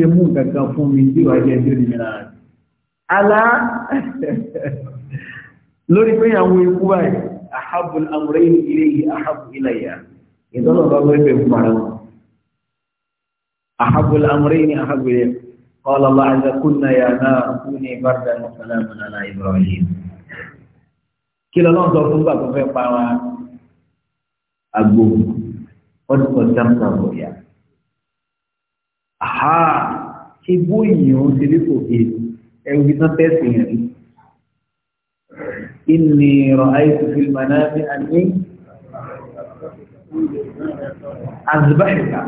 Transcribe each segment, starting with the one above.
lè mú kankan fún mi tí wàá jẹ́ tó nìyẹn náà. Alá lórí pé àwọn ikú báyìí, àhábù àmúrẹ́ ilé yìí, àhábù ilẹ̀ yà. Ìtọ́nà bá wọ́n fẹ́ fún ara wọn. Àhábù àmúrẹ́ ni àhábù ilẹ̀. Qala Allah azza kunna ya náà kúni bardan wa salaman ala Ibrahim. Kí lọ́nà sọ fún bàbá fẹ́ pa wa? Àgbo, wọ́n ti kọ̀ sáńtà bọ̀yà. Aha! Ibu èèyàn ń ṣe dípò èèyàn ẹ̀rù bí tán tẹ́sì yẹn rí. Inni ra'aytu fil manami anni azbahaka.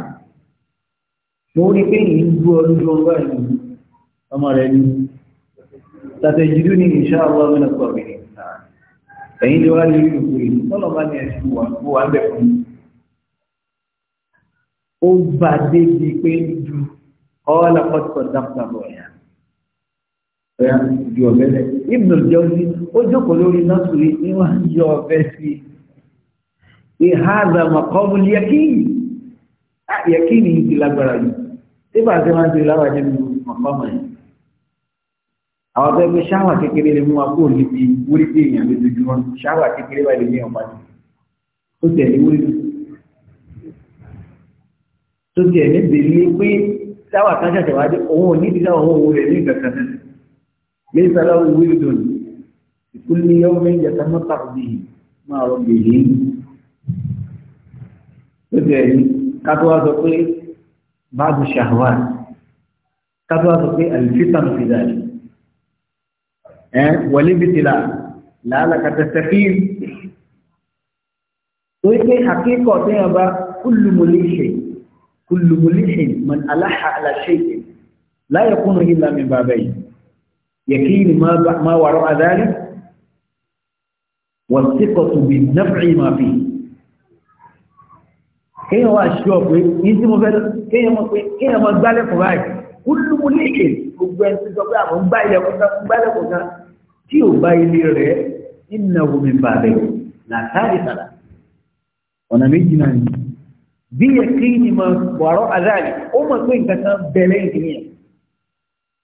Mo rí pé yìí ń dúró lójú ọgbà yìí ọmọ rẹ̀ ní. Tàtẹ̀jìdú ni insha Allah min as-sabirin. Ẹ̀yin ló wá lórí ìlú yìí, tọ́lọ̀ bá ní ẹ̀sìn wà fún wa ń bẹ̀ fún mi. Ó bá débi pé dùn. قال قد صدقت الرؤيا ju ọbẹ lẹ ibùdó jẹunsi ó jókòó lórí nọsùrì ní wọn yọ ọbẹ sí ìhàzà mọkànmú yẹkìnì yẹkìnì ti lágbára yìí tí bá a ti máa ń ṣe lára jẹ nínú mọkànmú yìí àwọn tó ń gbé ṣáwà kékeré lè mú wa kó níbi wúrí bí èèyàn lójoojúmọ́ ṣáwà kékeré bá lè ní ọmọ àti tó tẹ̀lé wúrí tó tẹ̀lé bèlè pé dáwà kan ṣẹ̀ṣẹ̀ wájú òun ò ní ìdílé àwọn owó rẹ̀ ní ìgbàkan náà lè sára owó ìdùn ìkúlé ọmọ ìyàtọ̀ mọ́ta òbí máa rọ gbèlè ó ti ẹ̀yìn kátó wá sọ pé báàbù ṣàwà kátó wá sọ pé àlùfíìsàn ti dà rí ẹ wọlé bìtìlà làálàkàtà sẹfíìn torí pé àkíkọ̀ tí wọn bá kúlùmọ̀lé ṣe kullu mulihin man alaha ala shay'in la yakunu illa min babayn yakin ma ma wara dhalik wa thiqatu bi naf'i ma fi kéèyàn wá ṣíọ pé yìí tí mo fẹ́ kéèyàn mọ̀ pé kéèyàn mọ̀ gbálẹ̀ fún báyìí kullu mulihin gbogbo ẹni tó sọ pé àwọn gbá ilẹ̀ kọta gbálẹ̀ kọta tí ò bá ilé rẹ̀ innahu min babayn la thalith la ọ̀nà méjì náà ni بيقين ما وراء ذلك وما كوين كان بلين دنيا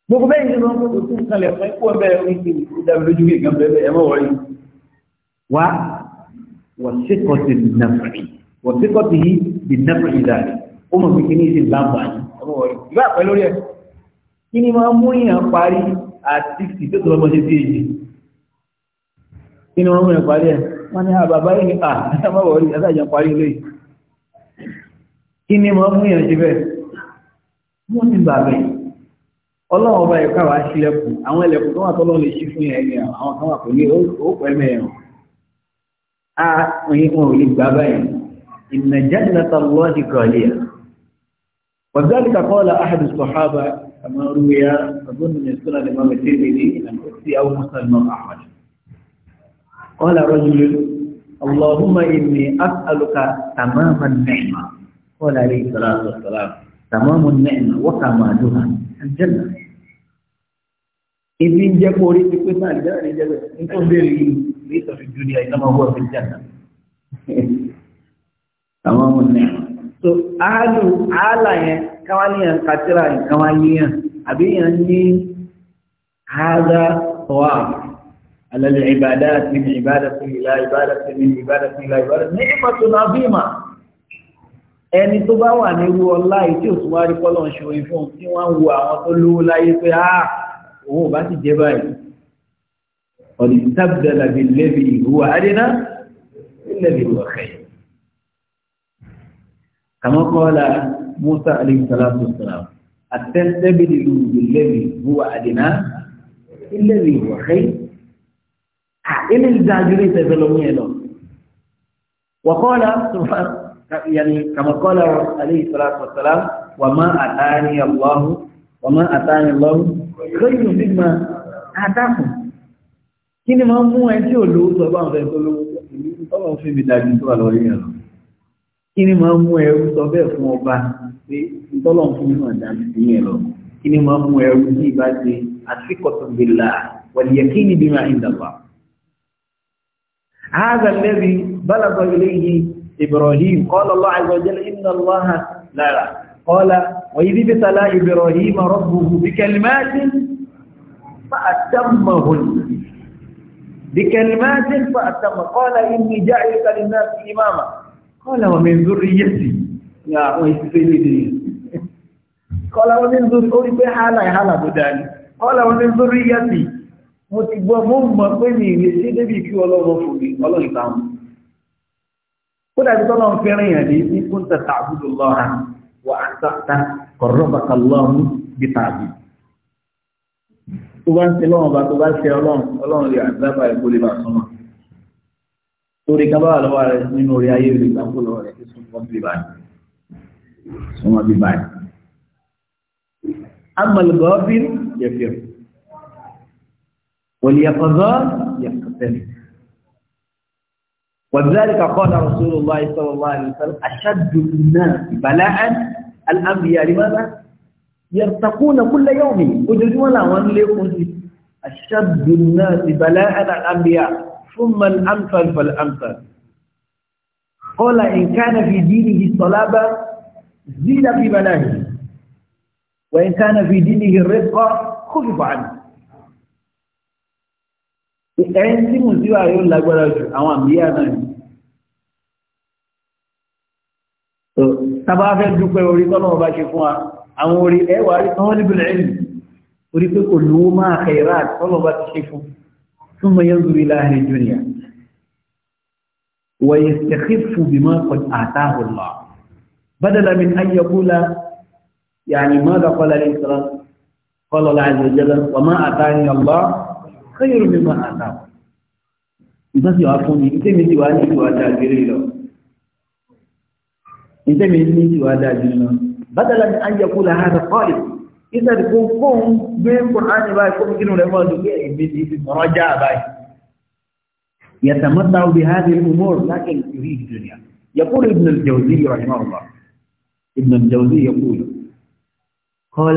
gbogbo bẹ́ẹ̀ ni wọ́n kó tún kalẹ̀ fún ẹ̀kọ́ bẹ́ẹ̀ ní ti dábì lójú kí nǹkan bẹ́ẹ̀ ẹ̀ mọ̀ wọ̀nyí. wá wọ́síkọ́tì nàfẹ̀ẹ́ wọ́síkọ́tì yìí di nàfẹ̀ẹ́ dàrí ó mọ̀ pé kí ní ti lámbà yìí ẹ̀ mọ̀ wọ̀nyí. ìgbà pẹ́ lórí ẹ̀ kí ni máa mú yàn parí àti tìtò tó lọ́mọ kí ni mọ́ fún ìyànjú bẹ́ẹ̀ wọ́n ti bà bẹ́ẹ̀ ọlọ́run ọba ẹ̀ka wàá sílẹ̀kùn àwọn ẹlẹ́kùn tó wà tọ́lọ́run lè ṣí fún yẹn ni àwọn kan wà kò ní ó pẹ́ mẹ́rin a òyìn wọn ò lè gbà báyìí inna jannata Allahi ghaliya wa dhalika qala ahadu as-sahaba kama ruwiya ní sọ́nà ní mọ́mí tí mi ní ìlànà sí àwọn mùsùlùmí ahmad qala rajulun allahumma inni as'aluka tamaman ni'ma قال عليه الصلاة والسلام تمام النعمة وكمالها الجنة إذن جاءوا لي تكوين الجنة إنكم بيري ليس في الدنيا إنما هو في الجنة تمام النعمة so alu ala yẹn káwọn yẹn kàtírà yẹn káwọn yẹn àbí yẹn على العبادات من عبادة إلى عبادة من عبادة إلى عبادة نعمة عظيمة ẹni tó bá wà nírú ọlá yìí tí ò tún wá rí kọ́lọ̀ ń ṣòro fún un tí wọ́n ń wo àwọn tó lówó láyé pé á òun ò bá sì jẹ́ báyìí ọ̀dì tábìlẹ̀ àbí lẹ́bi ìhùwà adéná lẹ́bi ìhùwà kẹ́yìn. kàmọ́ kọ́lá Musa alayhi salatu salam àtẹ́ntẹ́bìlì lùbì lẹ́bi ìhùwà adéná lẹ́bi ìhùwà kẹ́yìn. ilé ìdájọ́ ní ìtẹ̀fẹ́ lọ́mú yẹn lọ. wàkọ́lá sùnfà يعني كما قال عليه الصلاة والسلام وما أتاني الله وما أتاني الله خير مما آتاكم kí ni máa ń mú ẹni tí ò lówó tó bá ń fẹ́ tó lówó tọ́lọ̀ fún mi dájú tó wà lọ rí ẹ̀rọ kí ni máa ń mú ẹrú sọ bẹ́ẹ̀ fún mi náà dájú sí ẹ̀rọ kí ni máa ń mú ẹrú sí ìbá ṣe àsìkọ̀tún bìlà wàlìyẹ kí ni bí هذا الذي بلغ إليه إبراهيم قال الله عز وجل إن الله لا لا قال وإذ ابتلى إبراهيم ربه بكلمات فأتمهن بكلمات فأتم قال إني جعلك للناس إماما قال ومن ذريتي يا سيدي قال ومن ذريتي حالا حالا بداني قال ومن ذريتي mo ti gbọ́ mọ́ mọ́ pé ní ìrètí débì kí ọlọ́run kódà bí tọ́lọ́ ń fẹ́ràn yàn ní ní kún tẹ̀ tààbùdù lọ́ra wà á sàkà kọ̀rọ̀bàkà lọ́run bí tààbì. tó bá ń ṣe lọ́wọ́n bá tó bá ṣe ọlọ́run ọlọ́run rẹ̀ àgbàbà ẹ̀ kó lè bá súnmọ́. torí kábà ولذلك قال رسول الله صلى الله عليه وسلم أشد الناس بلاء الأنبياء لماذا؟ يرتقون كل يوم وجدوا لهم ليكون أشد الناس بلاء الأنبياء ثم الأمثل فالأمثل قال إن كان في دينه صلابة زيد في بلائه وإن كان في دينه الرزق خفف عنه ẹ̀yìn tí mò ń síwá yóò lágbára jù àwọn àmìyà náà ni tàbá fẹ́ dúpẹ́ orí tọ́nà ọba ṣe fún wa àwọn orí ẹwà rí tán níbi lẹ́yìn orí pé kò lówó máa kẹ̀rà tọ́nà ọba ti ṣe fún fún mọ yẹn zuri láàrin jùlọ wàyẹ sẹkẹfù bí máa kọ àtàhùn lọ bádàlá mi ayé yàní má dàkọlá ní sọlá kọlọlá àjẹjẹlá má àtàhùn lọ خير مما آتاه إنتي يعرفوني إنتي من تواني توادا جريلا إنتي من تواني توادا جريلا بدلا من أن يقول هذا الطالب إذا تكون قوم بين القرآن باي قوم كنو لفاظه كي مراجعة باي يتمتع بهذه الأمور لكن يريد الدنيا يقول ابن الجوزي رحمه الله ابن الجوزي يقول قال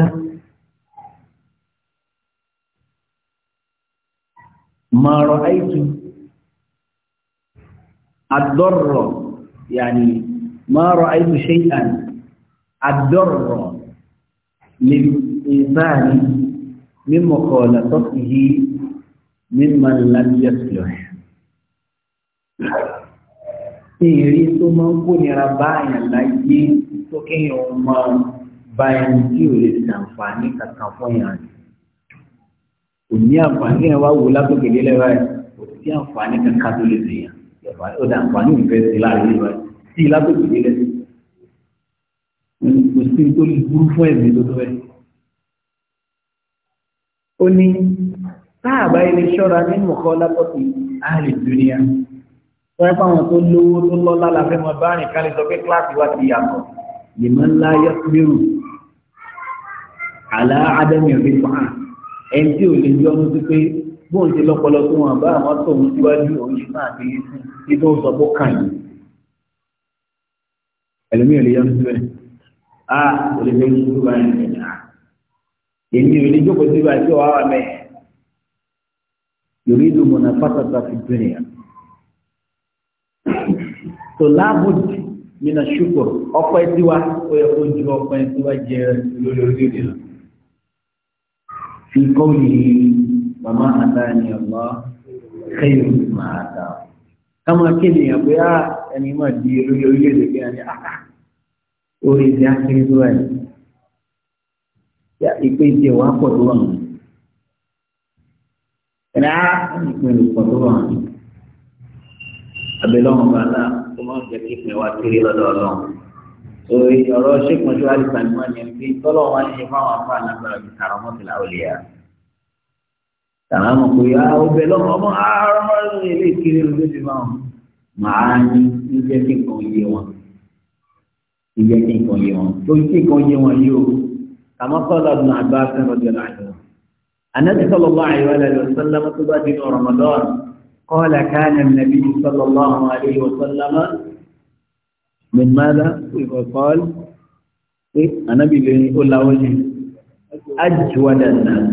ما رأيت الضر يعني ما رأيت شيئا الضر للإنسان من مخالطته ممن لم يصلح ìrí tó máa ń kó nira báyàn láyé tó kéèyàn máa báyàn tí ò lè ṣàǹfààní kankan fún yàn kò ní àǹfààní ẹ̀ wá wo látòkè délẹ̀ rẹ̀ kò sí àǹfààní kankan tó lè sèyàn ó dà àǹfààní ìfẹ́ sí láàrin rẹ̀ sí látòkè délẹ̀ kò sí tó lè burú fún ẹ̀mí tó tó rẹ̀. ó ní táàbá ilé ṣọ́ra ní mọ̀kọ́ lápọ̀tì àárín dúníà wọ́n yẹ fáwọn tó lówó tó lọ́lá la fẹ́ mọ báàrin ká sọ pé kíláàsì wa ti yàtọ̀ lèmọ́ ńlá yẹ fúlérù àlá ádámì ọ̀dẹ́fọ̀n ẹni tí ò lè yọ ọdún sí pé bóun ti lọ́pọlọ tó wọn bá àwọn tó ń síwájú òun yìí máa gbé yín fún kí tó ń sọ bó kàn yín. ẹlòmíì ò lè yọ ọdún síbẹ̀ á ò lè fẹ́ kí ó bá yẹn lẹ́yìn á. èmi ò lè jókòó sí ibà tí ò wá wà mẹ́ yòrí ìlú mọ̀nà pátátá fi bẹ̀rẹ̀ yà. tó láàbùdì nínú ṣùkọ̀ ọpẹ́ tiwa ó yẹ kó ju ọpẹ́ tiwa jẹ lórí orílẹ̀-èdè náà. في قوله وما أتاني الله خير مما أتاه كما كن يا بيا آه، يعني ما دي رجل يلك يعني آه، آه، أريد يحكي زوال يا إبن جواب الله أنا من القطران أبلون بنا وما جتيك نواتي لدى الله orí ọ̀rọ̀ sheikh mọ̀jú alìsàlùmọ́ ni pé tọ́lọ̀ wọn ṣe fáwọn afọ àlágbára bíi karamọ́ ti làwọn lè yà. Tàlámù kò yá ọbẹ̀ ah, lọ́mọ ọmọ àárọ̀ ah, ilé kiri ló ti máa máa ní ìjẹ́ kí nǹkan yé wọn. Ìjẹ́ kí nǹkan yé wọn. Torí kí nǹkan yé wọn yóò. Kàmọ́kọ́ lọ́dún àgbà fẹ́ràn ọjọ́ láàyè wọn. Ànábì bá dín Ramadan. Qala من ماذا قال النبي قال وجه أجود الناس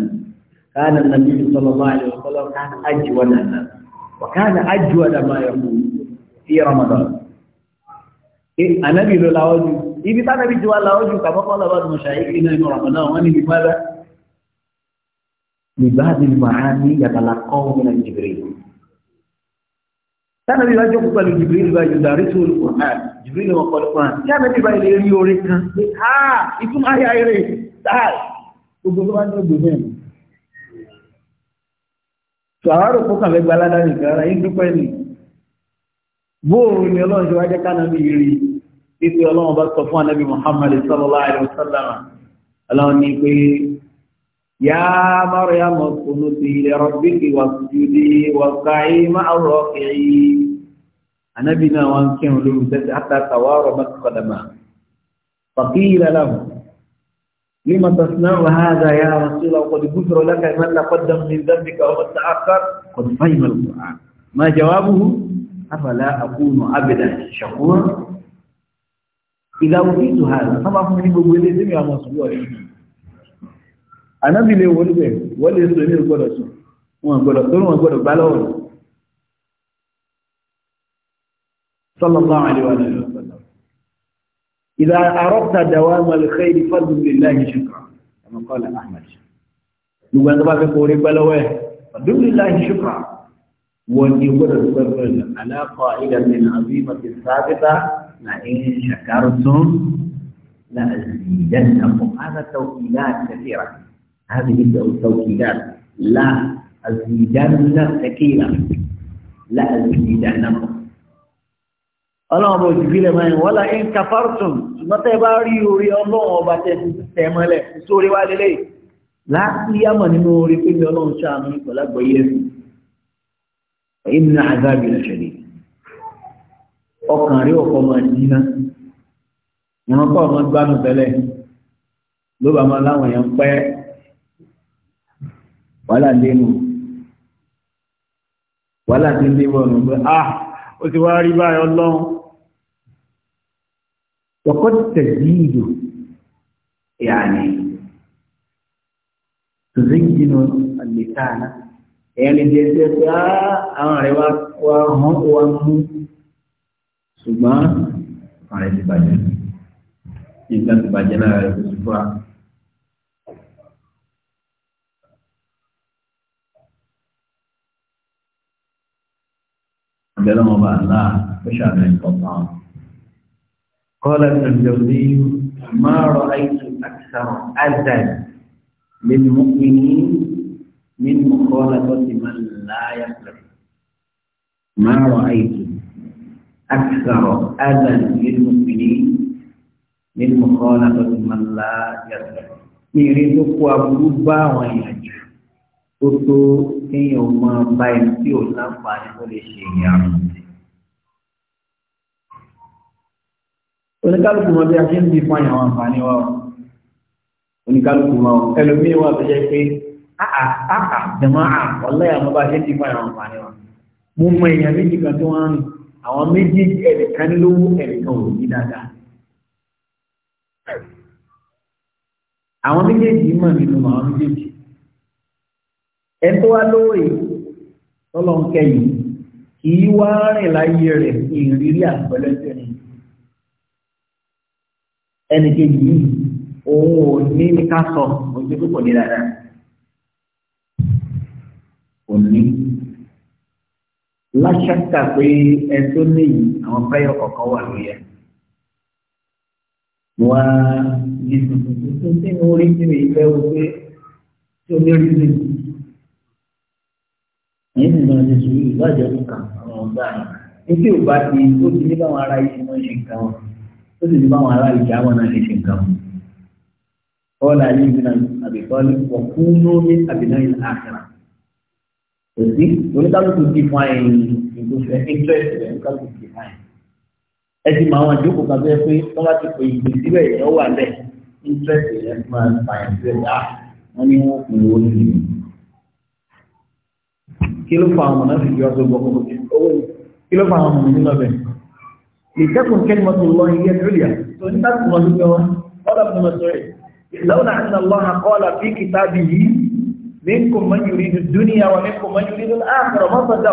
كان النبي صلى الله عليه وسلم كان أجود الناس وكان أجود ما يقول في رمضان النبي لولا وجه ibi tá nàbí jù wá láwọ́ jù kàbọ́kọ́ lọ́wọ́ ní رمضان iná inú ọ̀rọ̀ المعاني wọ́n ní bí mọ́lá tánà bí wájú kú pẹ̀lú jìbìrìlì bá yóò darí tó olùkọ́ ah, jìbìrìlì wọn kọ́ lọ́kọ́ tí àmì bí báyìí lè rí orí kan pé ha ah, ìtum ayé ayé táì ah, gbogbo ló bá ní ògbò bẹ́ẹ̀ ni. tó àwọn àròkọ kan fẹ́ gba aládàá nìkan yín dúpẹ́ ni bóòrù ni ọlọ́run ṣe wájú kánà bí rí ìpè ọlọ́run bá sọ fún anábì Muhammad sallallahu alayhi wa sallam يا مريم اسكني لربك واسجدي واركعي مع الراكعين نبينا وان كان لهم حتى تواربت قدماه فقيل له لما تصنع هذا يا رسول الله قد غفر لك ما تقدم من ذنبك وما تاخر قد فهم القران ما جوابه افلا اكون عبدا شكورا اذا اوتيت هذا طبعا من يقول لي يا مسؤول ànábì lè wọlé bẹ̀ wọ́n lè sọ ilé gbọ́dọ̀ sùn wọn gbọ́dọ̀ tó wọn gbọ́dọ̀ bá lọ́wọ́ sallallahu alaihi wa sallam idha aradta dawama al-khayr fadlu lillahi shukran kama qala ahmad lugba ta ba fe ko re gba lọ́wọ́ ẹ fadlu lillahi shukran wọ́n هذه التوكيدات لا أزيدن ثقيلا لا la ọlọ́run bó jùfílẹ̀ máa ń wọ́lá a kafartum mọ́tẹ́ bá rí orí ọlọ́run ọba tẹ̀mọ́lẹ̀ sórí wá lélẹ̀ láti yámọ̀ nínú orí pínlẹ̀ ọlọ́run ṣàánú ìpọ̀lágbọ̀ yẹ́sùn wàhálà dénú wàhálà tí ń dé bọ̀ nù pé ah ó ti wá rí báyọ̀ lọ́wọ́ wọ́kọ́ tẹ̀síìdù yàní tùzíǹdínú àlèkáàná ẹ̀yẹni jẹ́jẹ́ pé ah, àwọn rẹ̀ wá hàn wá mú ṣùgbọ́n àwọn ti bàjẹ́ nǹkan ti bàjẹ́ lára rẹ̀ kò sí fún wa. بلغ الله فشأن القطاع قال ابن الجوزي ما رأيت أكثر أذى للمؤمنين من مخالطة من لا يخلف ما رأيت أكثر أذى للمؤمنين من مخالطة من لا يخلف. يريد tó kó aburú ó tó kéèyàn máa bá ẹni tí ò láǹfààní tó lè ṣe ìyàrá. oníkálùkù mọ bí a ṣe ń bí fún àyàwọn àǹfààní wa oníkálùkù mọ ẹlòmíì wà tó jẹ pé àà àà jẹmọ àà ọlẹ́yà mọ bá ṣe ń bí fún àyàwọn àǹfààní wa mo mọ èèyàn méjì kan tó wá ń rìn àwọn méjì ẹnìkan lówó ẹnìkan ò ní dáadáa àwọn méjèèjì mọ̀ nínú àwọn méjèèjì ẹ̀tọ́ wa lóòrè tọ́lọ́nkẹ́yìn kì í wá rìn láyé rẹ̀ ìrírí àpẹẹlẹ́sẹ̀ ni ẹnì kejì yìí òun ò ní ní ká sọ ojú tó pọ̀ ní dáadáa kò ní láṣàkà pé ẹ̀tọ́ níyì àwọn fẹ́yọ̀ kọ̀ọ̀kan wà lórí ẹ̀ wá ní tuntun tuntun tí mo rí sí mi ìfẹ́ wo pé tí o ní rí sí mi ẹ̀yìn nìyẹn wọn ti sùn yìí ìwádìí ọdún kan àwọn ọgbà yẹn ní tí ò bá ti ó ti ní báwọn ará yìí wọ́n ṣe nǹkan wọn ó sì ní báwọn ará ìjà wọn náà ṣe ṣe nǹkan wọn. kọ́lá yìí bí náà àbíkọ́lé ọ̀kún lómi àbínáyìn àkàrà kò sí oníkálukú ti fún àyẹ̀yìn ìgbésẹ̀ interest rẹ̀ oníkálukú ti fún àyẹ̀yìn. ẹ ti máa wọn àjókòó kan tó pé wọ́n bá ti pè ìgbè síbẹ̀ ìyẹn wà bẹ́ẹ̀ interest rẹ̀ máa ń fàyàn síbẹ̀ dáa kí ló fa àwọn náà fi yọ ọdún gbọ́kọ̀ bọ̀ kí ló fa àwọn ọmọ nínú ọbẹ̀ ìtẹ́kùn kẹ́ni mọ́tò lọ ilé júlíà tó ní láti mọ́ sí wọn ọ̀dọ̀ fún mọ́tò rẹ̀ lọ́nà àti lọ́nà kọ́ọ̀lá fi kìtà bí yìí minkum man yuridu dunya wa minkum man yuridu al-akhirah ọmọ sọ́jà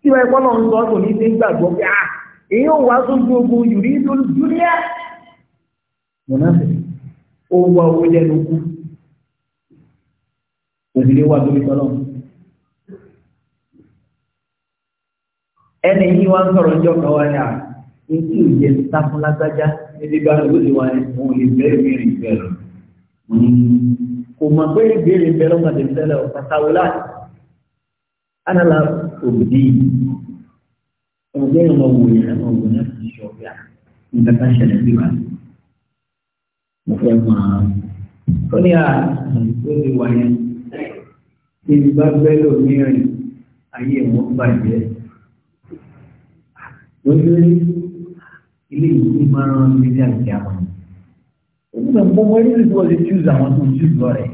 tí wọ́n ẹ̀kọ́ náà ń sọ ọ́tò ní ṣe ń gbàgbọ́ pé à ah, èyí ò wá sún gbogbo yuridu dunya mọ̀nàfẹ́ ó wá owó lẹ́nu kú òdìlé wà lórí tọ́lọ́mù ẹni yìí wá ń sọ̀rọ̀ ọjọ́ kan wá ní à ní tí ò yẹ ta fún lágbájá níbi bá ló lè wá ní òun lè bẹ̀rẹ̀ bẹ̀rẹ̀ bẹ̀rẹ̀ kò mọ̀ pé ìbéèrè bẹ̀rẹ̀ ọmọdé tẹ́lẹ̀ ọ̀pá sáwọ́lá ánàlá òbí ọmọdé ọmọ wò yẹn ọmọ wò yẹn ti sọ bí a nǹkan tá ṣẹlẹ̀ bí wa mo fẹ́ mọ̀ ọ́ ní à ló lè wá yẹn rìn ayé wọn bàjẹ́ lórí ilé ìwé máa ń rán ní ilé àti àwọn onígbà gbogbo ẹni tí wọ́n ti choose àwọn tó choose lọ rẹ̀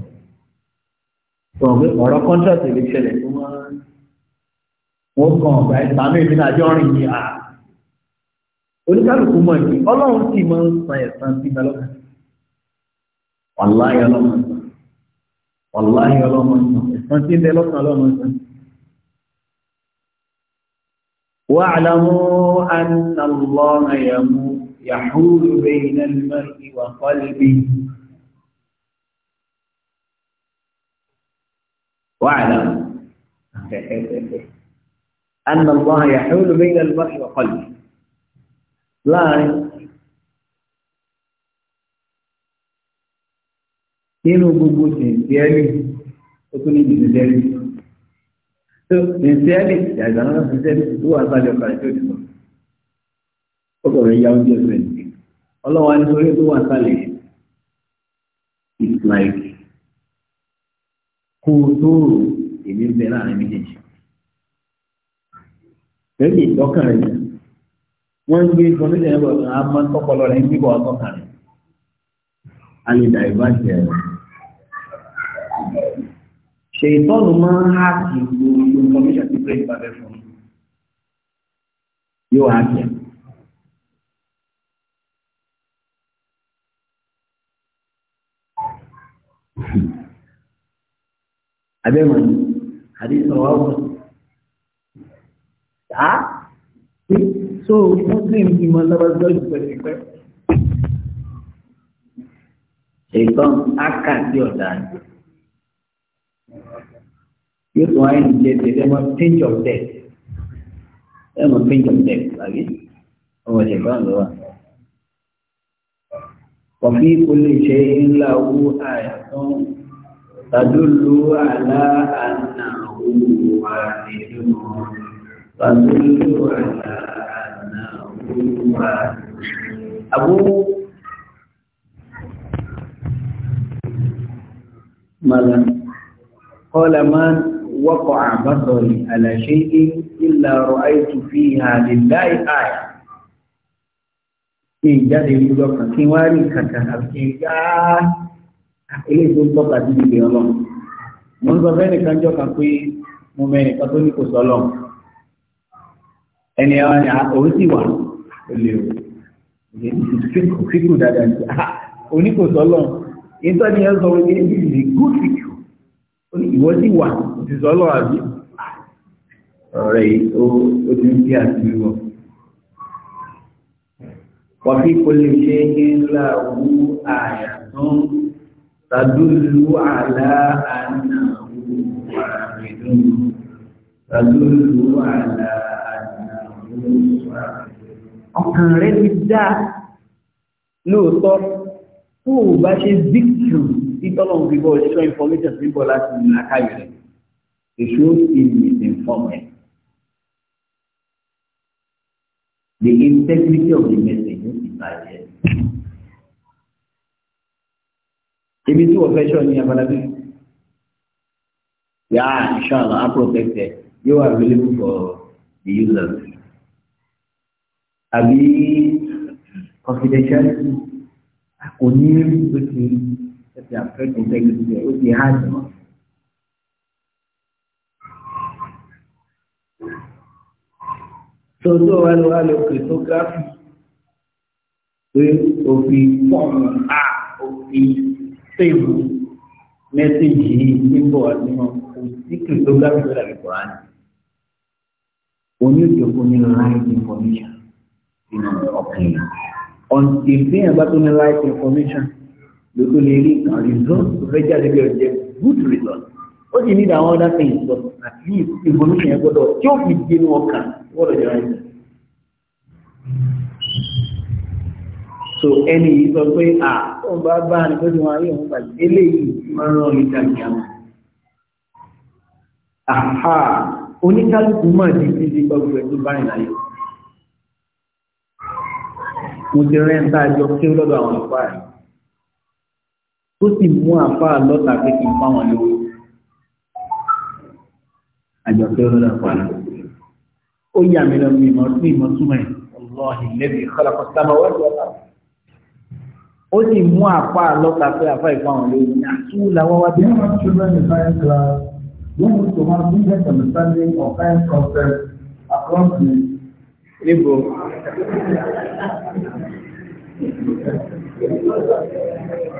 sọ pé ọ̀rọ̀ contract lè ṣẹlẹ̀ tó máa ń wọ́n kàn ọ̀gá ẹ̀sán méjì náà jọ rìn ní à oníkálukú mọ̀ ní ọlọ́run sì máa ń san ẹ̀san sí balọ́kà wàláyé ọlọ́run san wàláyé ọlọ́run san ẹ̀san sí واعلموا أن الله يحول بين المرء وقلبه واعلم أن الله يحول بين المرء وقلبه لا nínú gbogbo ṣe ìfẹ́ rí So sincerely, there is another sincerely to do had your gratitude. Ọkùnrin yá oúnjẹ rẹ̀ ní. Ọlọ́wà ní orí tó wà sálẹ̀ yìí. It's like kó tó rò èmi ń bẹ láàrin méjèèjì. Bẹ́ẹ̀ni wọ́n ń gbé information ẹ̀rọ rẹ̀ ń bíbọ̀ A lè dà rẹ̀. máa ń háàkì gbogbo tẹ́yìn bá fẹ́ fún yóò wá jẹ. abẹ́mọ̀ ni àdéhùn ọ̀wá wọ̀ tá so muslim ti mọ lọ́wọ́dọ́ ìpẹ́sípẹ́ ṣètọ́n ákà sí ọ̀dà yóò tún ayé nìjẹ tẹlẹ mọ pinch of death ẹ mọ pinch of death àbí ọmọ ìṣẹ̀ bá ń lọ wà. kọfí kò lè ṣe ńlá owó àyàtọ̀ tàdúlù àlá àná owó àdéhùn tàdúlù àlá àná owó àdéhùn. Abu Malam. Qala man وقع بصري على شيء إلا رأيت فيها لله آية kí ìjáde yìí lọ́kàn kí wá rí kàkà àti ìyá ilé tó ń tọ́ka sí ibi ọlọ́run mo ń sọ fẹ́ nìkan jọ kan pé mo mẹ nìkan tó ní kò sọ lọ ẹni àwọn òun sì wà lè o fíkù fíkù dáadáa ní oníkòsọ́lọ̀ ìtọ́ni ẹ̀ sọ wọ́n ní good fix ìwọ sí wà ti sọ́lọ́ àbí ọ̀rẹ́ ó ti ń bí àti wọ̀. wàfí kò lè ṣe ńlá owó àyà tán tàdúlù àlá àná owó àrẹ̀dùn tàdúlù àlá àná owó àrẹ̀dùn. ọkàn rẹ ti dá lóòótọ́ tó o bá ìdí tọ́lọ́run fi bọ́ ṣọ́ information sí bọ́ láti ní àkáyọ̀ rẹ̀ èso ti misinform ẹ̀. The integrity of the message ló ti bàjẹ́. Ibi tí wọ́n fẹ́ ṣọ́ ni Abalabi. Yàrá ìṣàlọ́ are protected. You are available for the users. Àbí confidentiality kò ní oṣù ti àfẹ́kùn tẹ́lifíṣẹ́ ó ti hajj mọ́. tó tó wà ló wà ló kìrìtógráfì pé òfin fọ́ọ̀mù a òfin tèbù mẹ́sẹ̀jì yìí níbo àdúgbò kò sí kìrìtógráfì tó dàbí kùránì onídìbò ní right information nínú ọkàn yìí ọ̀n ìfihàn bá tó ní right information ló tó lè rí nǹkan result tó fẹ́ jáde bí ọjẹ́ good result ó sì ní àwọn other things but at least information yẹn gbọ́dọ̀ tí ó fi dénú ọkàn gbọ́dọ̀ jẹ́ right so ẹni yìí sọ pé à ó bá bá ní pé tí wọn ayé òun pàdé eléyìí máa ń rán ìta ìyàmù àhà oníkálukú máa di títí gbogbo ẹ̀ tó báyìí láyé mo ti rẹ́ ń tá a jọ kí lọ́dọ̀ àwọn àpá rẹ̀ tó sì mú àfa lọ́ta pé kí n fáwọn lówó àjọpẹ́ ọlọ́dà pa ó yà mí lọ mi ìmọ̀ sí ìmọ̀ súnmọ́ ẹ̀ ọlọ́ọ̀hìn lẹ́bi ìkọlọ́kọ̀ sábà wọ́n ti ọ̀tá. ó sì mú àfa lọ́ta pé àfa ìfáwọn lówó ní àtúwò làwọn wá bí. yẹ́n children in science class wọ́n mú to have different understanding of science concepts across the. níbo. Thank you.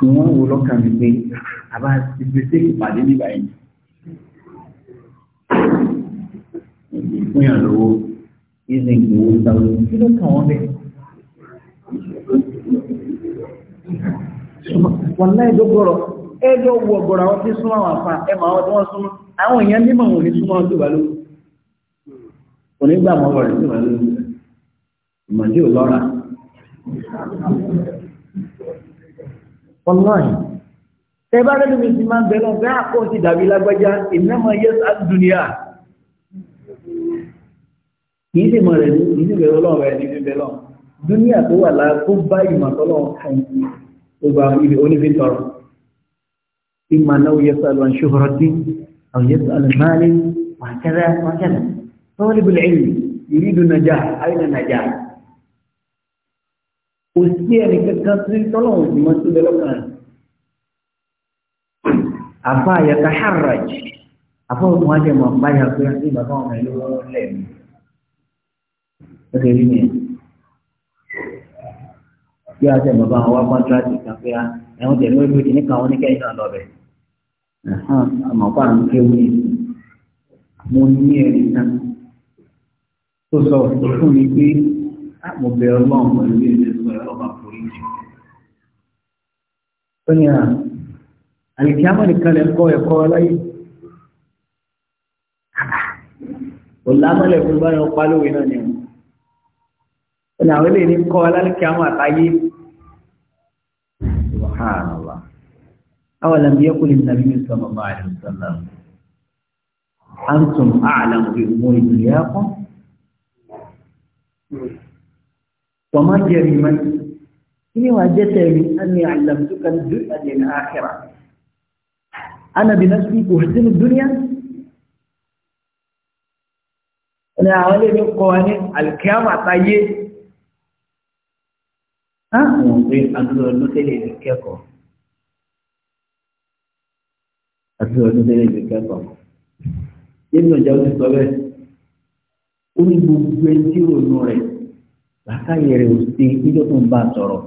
tí wọ́n wò lọ́kàn mi pé àbá ìgbésẹ̀ ìpàdé nígbà yìí. Fún yàn lówó, ìdí ìgbòho ìtàwé, kí ló kàn wọ́n bẹ́ẹ̀? Wọ́n láì dógọ́rọ̀, ẹ jọ wo ọ̀gọ̀rọ̀ àwọn tí súnmọ́ àwọn àfa, ẹ mọ̀ àwọn tí wọ́n súnmọ́. Àwọn èèyàn mímọ̀ wọn ní súnmọ́ ọdún ìbálò. Kò ní gbà mọ́ ọ̀rọ̀ ìbálò. Ìmọ̀dé ò wọláhì tẹ bá rẹ lómi ti máa ń bẹ lọ bẹ àkó ti dàbí lágbájá ìnáma yẹs àdúnyà kì í sì mọ rẹ kì í sì bẹ̀rẹ̀ Ọlọ́run rẹ níbi bẹ lọ dúníà tó wà lára tó bá ìmọ̀ tọ́lọ́run kan gbogbo àwọn ibi oníbi tọrọ ìmọ̀ náà yẹs àlùwàn ṣòro dín àwọn yẹs àlùmáàlì wàkẹ́rẹ́ wàkẹ́rẹ́ tọ́wọ́lẹ́bùlẹ̀ ẹ̀yìn ìrídùn nàjà àyìn nàjà kò sí ẹnì kankan tí tọ́lọ́hùn sì mọ́ sí lọ́kàn rẹ̀. àfa àyàtà haraj àfa òun wá dẹ̀mọ̀ báyà pé àti bàbá ọmọ ìlú wọn lẹ̀ mí. ó lè rí bí a dẹ̀mọ̀ bá wá kọ́ńtrátì kan pé ẹ̀wọ̀n tẹ̀lé orí ìdí nípa àwọn oníkẹ́yìn náà lọ bẹ̀. àmọ́ pa àwọn kéwù ni mo ní ẹ̀rí kan tó sọ fún mi pé ah, mo bẹ ọlọ́run pẹ̀lú ìlú rẹ̀ ọlọ́mà forí jù. ó ní à àlìkíámọ̀ nìkan lè kọ́ ẹ̀kọ́ láyé òlámọ̀lẹ̀ fún báyọ̀ pálówé náà ni ó ní àwọn eléyìí kọ́ alálìkíámọ̀ àtayé subhanallah awalam yakul an-nabiy sallallahu alaihi wasallam antum a'lamu bi umuri dunyakum وما جريما إني وجدتني أني علمتك الدنيا للآخرة أنا بنفسي أحسن الدنيا أنا أولي القوانين الكامة طيب ها ممكن أقول المثل للكيكو أقول المثل للكيكو nínú ìjà ó ti sọ bẹ́ẹ̀ ó ní gbogbo ẹni tí ìrònú rẹ̀ làákàyè rẹ̀ ò sí níjọ́ tó ń bá a sọ̀rọ̀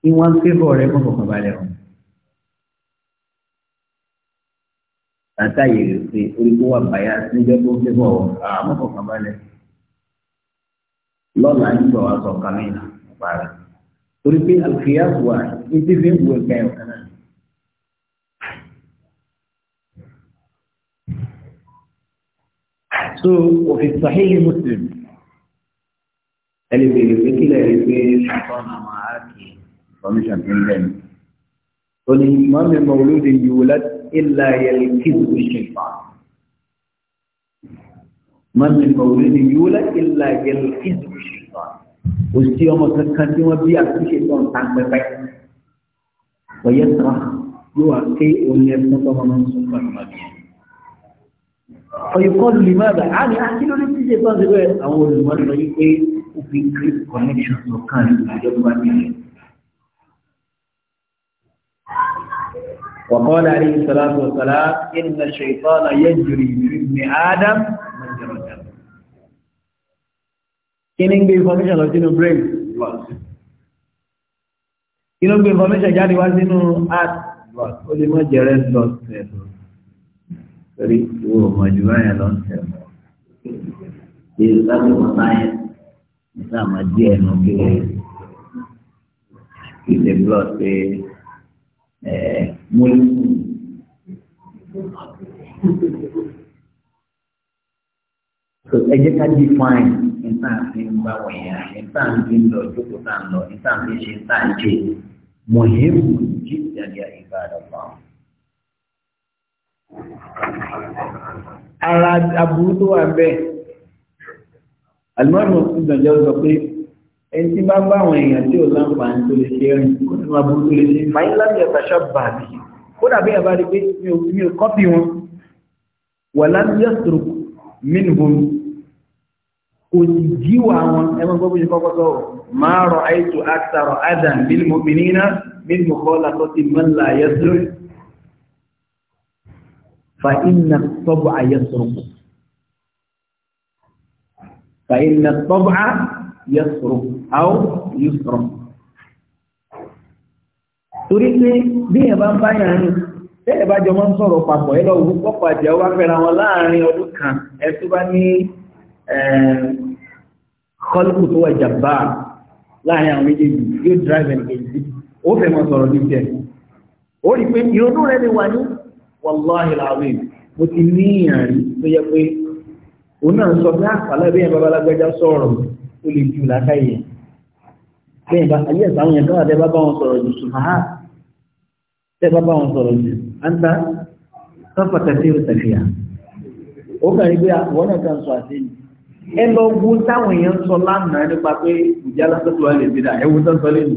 kí wọ́n ń fẹ́bọ̀ rẹ̀ mọ́ kọ̀ọ̀kan balẹ̀ o. làákàyè rẹ̀ ò sí orí tó wà báyà níjọ́ tó ń fẹ́bọ̀ mọ́ kọ̀ọ̀kan balẹ̀ lọ́la nígbà wa sọ kàmí nà pàrọ̀ torí pé àlùfíà wà ní tí fi ń wọ ẹ̀ka ẹ̀ kan so òfin Sahih Muslim ẹni bèrè pé kílẹ̀ rí pé ṣàtọ́n àwọn ààkì commission tó ń bẹ̀rù tó ní mọ́mí mọ́lúdì yìí láti ilà yẹlẹ kí ló ṣe fà mọ́mí mọ́lúdì yìí láti ilà yẹlẹ kí ló ṣe fà kò sí ọmọ kankan tí wọ́n bí àtúnṣe tó ń tan pẹ́pẹ́ wọ́yẹ́ sọ́ra yóò wá ké oní ẹ̀fún tó máa ń sún pẹ̀lú màbí ẹ̀. ọ̀yọ̀kọ́ lè má á ní akílódé tí ṣe àwọn olùmọ̀ ó fi create connection The ìjọba nílẹ̀. وقال عليه الصلاة والسلام إن الشيطان يجري في ابن آدم مجرى الدم kí ni ń gbé information lọ sínú brain blood kí the ń gbé information jáde wá sínú heart blood ó lè mọ jẹrẹ blood cell torí ìwọ ọmọ jù báyẹn lọ ń tẹ̀ mọ́ náà máa dí ẹnu pé ilé blọọ ẹ mólíkù so ẹ jẹ́ ká define níta fi ń bá wọ̀nyá níta fi ń lọ jókòó tá ń lọ níta fi ń ṣe tá ń ṣe mọ̀hẹ́mù jíjàdíà ìbàdàn bá wọn ara aburú tó wà bẹ́ẹ̀ alimọ́nù ìgbàjọ́ sọ pé ẹni tí bá bá àwọn èèyàn tí ò láǹfààní tó lè ṣe rìn kó ní máa burú tó lè ṣe máa ń láti ẹ̀ka ṣọ́ọ̀bà bí kó dàbí ẹ̀ bá rí pé mi ò kọ́pì wọn wà láti yẹ̀sùrù mínúhùn kò sì jíwà wọn ẹgbẹ́ gbogbo ṣe kọ́kọ́ sọ̀rọ̀ máa rọ àìsù àtàrọ̀ adam mílímù mìíràn mílímù kọ́lá tó ti mọ́lá yẹ̀sùrù fa iná tọ́bù àyẹ̀sùrù فإن الطبع يصرف أو يصرف torí pé bí ẹ bá ń báyà ń tẹ́ ẹ bá jọ mọ́ ń sọ̀rọ̀ papọ̀ ẹ lọ wù pọ̀pọ̀ àti ọwọ́ afẹ́ra wọn láàrin ọdún kan ẹ tó bá ní kọ́lùkù tó wà jàmbá láàrin àwọn méjèèjì yóò drive and gate ó fẹ́ mọ́ sọ̀rọ̀ ní tẹ̀ ó rí i pé ìrònú rẹ̀ lè wà ní wàláhìláwìn mo ti ní ìrìn tó yẹ pé òun náà sọ pé àpàlẹ́ ah, bí yẹn babalágbẹ́já sọ̀rọ̀ ó lè ju làákàyè bẹ́ẹ̀ bá ayé ẹ̀sán àwọn yẹn káwà tẹ́ bá bá wọn sọ̀rọ̀ jù sùmáà tẹ́ bá bá wọn sọ̀rọ̀ jù àǹtá sọ́fà tẹ̀síìrì tẹ̀síà ó kàn rí pé àwọn ah, náà kàn sọ àti ẹ lọ wo táwọn èèyàn sọ lánàá nípa pé ìjà lásìkò wa lè fi dà ẹ wo tán sọ lẹ́nu.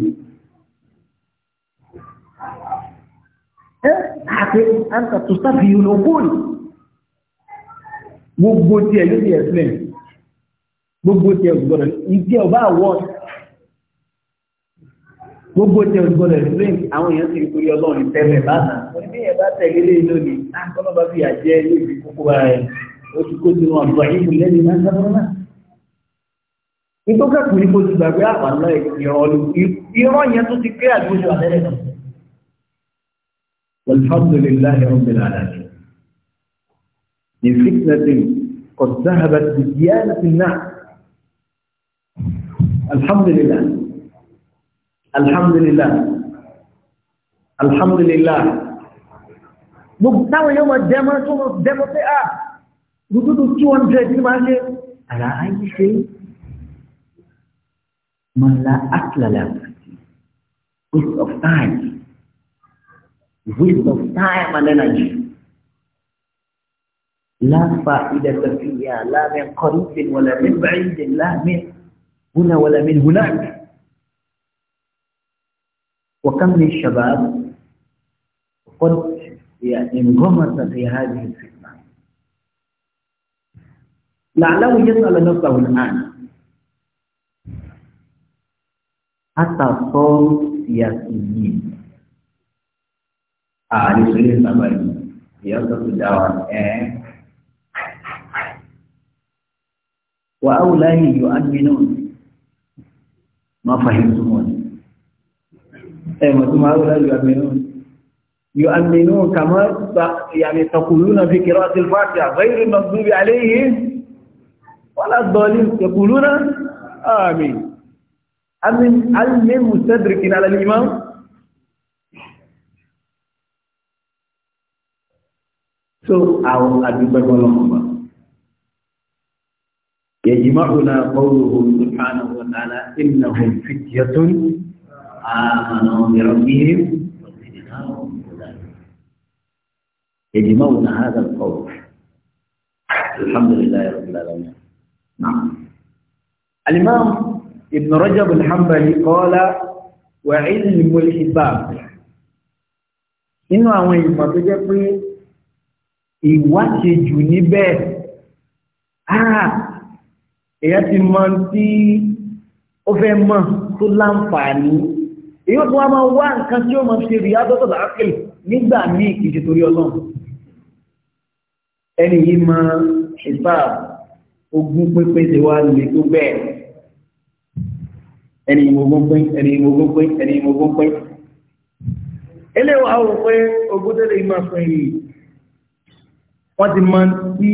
ẹ àti àǹtà tó sábì gbogbo tí ẹ yóò ti explain gbogbo tí ẹ gbọ́dọ̀ ìdí ọba àwọ gbogbo tí ẹ gbọ́dọ̀ explain àwọn èèyàn ti kúrò Ọlọ́run tẹ́lẹ̀ bàtà wọn bí ẹ bá tẹ̀lé lé lónìí akọlọ bá fi àjẹ yóò fi kókó ara rẹ̀ ó ti kó sínú àgbà ìlú lẹni náà sábà náà ìtọ́kẹ́ kùnrin kò ti gbàgbé àpàlọ́ ah, ìrọ̀lù irọ́ yẹn tó ti kéré àdúgbò àtẹ́lẹ̀ náà. Alhamdulillahi Rabbil alamin. من فتنة قد ذهبت بديانة الناس الحمد لله الحمد لله الحمد لله مبتوى يوم الجامعة الجمعة الجمعة ردود 200 ما هي على أي شيء ما لا أكل له waste of time waste of time and energy لا فائدة فيها لا من قريب ولا من بعيد لا من هنا ولا من هناك وكم من الشباب قد يعني انغمس في هذه الفتنة لعله يسأل نفسه الآن حتى صار سياسيين أعرف ليه سبب سياسة الدعوة إيه. وأولئك يؤمنون ما فهمتموني اي ما ثم هؤلاء يؤمنون يؤمنون كما يعني تقولون في قراءة الفاتحة غير المغضوب عليهم ولا الضالين يقولون آمين أمن هل من مستدرك على الإمام so àwọn àdúgbẹ́gbọ́n lọ́mọ يجمعنا قوله سبحانه وتعالى إنهم فتية آمنوا بربهم يجمعنا هذا القول الحمد لله رب العالمين نعم الإمام ابن رجب الحنبلي قال وعلم الحساب إنه àwọn ما tó إيواتي جنبه آه èyàn ti mọ tí ó fẹ́ mọ̀ tó láǹfààní èyí ó tún wá máa wá nǹkan tí ó máa ṣe rí adọ́tọ̀ láàkìlì nígbà míì kìí ṣe torí ọlọ́run ẹni yìí máa ìsáà ogún pínpín ti wá lè tó bẹ́ẹ̀ ẹni ìmọ̀gún pín ẹni ìmọ̀gún pín ẹni ìmọ̀gún pín eléwàá wò pé ogún tẹ́lẹ̀ yìí máa pín yìí wọ́n ti máa tí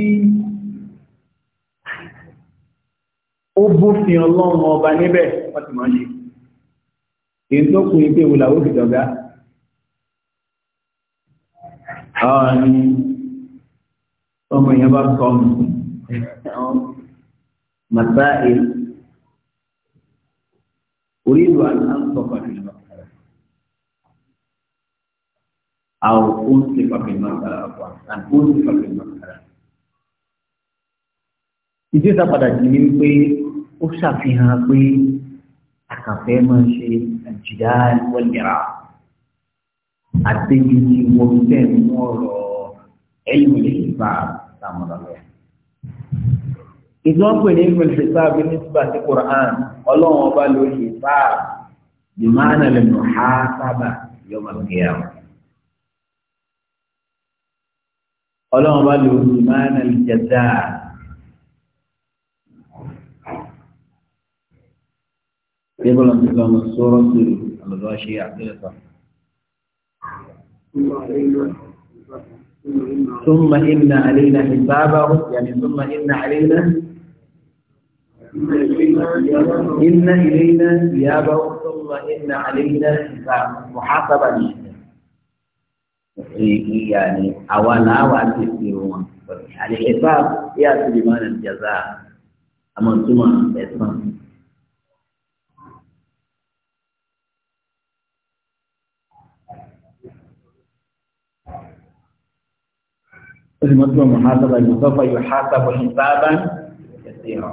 ó bófin ọlọ́run ọba níbẹ̀ wọ́n ti máa ń ṣe èyí tó kù ipé ìwòlà ó fi dọ̀gá àwọn ni ọmọ èèyàn bá kọ́ mi màtá èyí orí ìlú àtàkùnkọ̀ pàtàkì أو أنصف في المسألة أن أنصف في المسألة ìdí ìsàpadà jì ní pé ó ṣàfihàn pé àkàfẹ́ máa ń ṣe àjìdá wọ́lẹ̀ra àtẹ́jú ti wọ́n bẹ́ẹ̀ mú ọ̀rọ̀ ẹ̀yìn ìṣèpá sàmúlọ́lọ́. ìgbọ́n pè ní ìmọ̀ ìṣèpá bí nípa sí Quran ọlọ́run ọba ló ṣe fà á ìmáàna lè nù ha sábà yọmọ kẹyà. ọlọ́run ọba ló ṣe ìmáàna lè jẹ dáa. يقول لك كلام السورة الغاشية عقيقة ثم إن علينا حسابه يعني ثم إن علينا إن إلينا ثيابه ثم إن علينا حسابهم محاسبة يعني أوانا وأنتسيرون يعني حساب يأتي بمعنى الجزاء أما ثم إسلام olùmọ̀tò mọ̀hásábà ìmọ̀sọ́fà yóò hásábà ìsáàbà kẹsìrà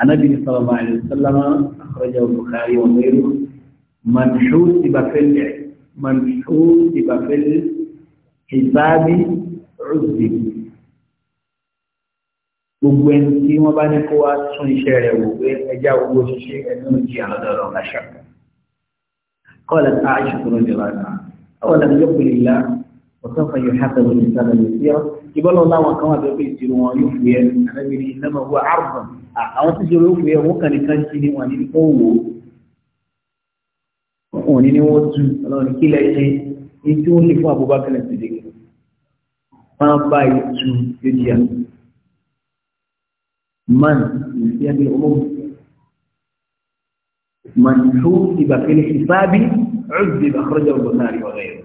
anábì ní sọlọ́mà àlùsọ́lámà àkọ́jà olùkárí wọn lérò mọ̀nṣú ti bá fẹ́lẹ̀ mọ̀nṣú ti bá fẹ́lẹ̀ ìsáàbì rúzì gbogbo ẹni tí wọ́n bá ní kó wá tún iṣẹ́ rẹ̀ wò pé ẹjá owó ṣiṣẹ́ ẹni ò jí àlọ́dọ̀ọ̀rọ̀ láṣà kọ́lá tá a ṣùkúrò jọba náà أولا يقبل الله وسوف يحاسب الإنسان يسيرا ìbọ́lọ̀ láwọn kan wà tó pé ìṣirò wọn yóò fi ẹnu àrẹ́bìnrin ìnáwó wọ àrùn àwọn tí ìṣirò yóò fi ẹwọ́ kan nìkan sí ni wọn ní owó wọn ní ni wọn tú ọlọ́run kí lẹ ṣe ní tí ó lè fún Abubakar ṣèdè máa bá ìtú lójú yà man ìṣe ẹgbẹ́ olóhùn man tó ìbàkẹ́lẹ́ ìfábí ọ̀gbìn àkọ́jọ́ ọ̀gbọ̀n náà rí ọ̀rẹ́ rẹ̀.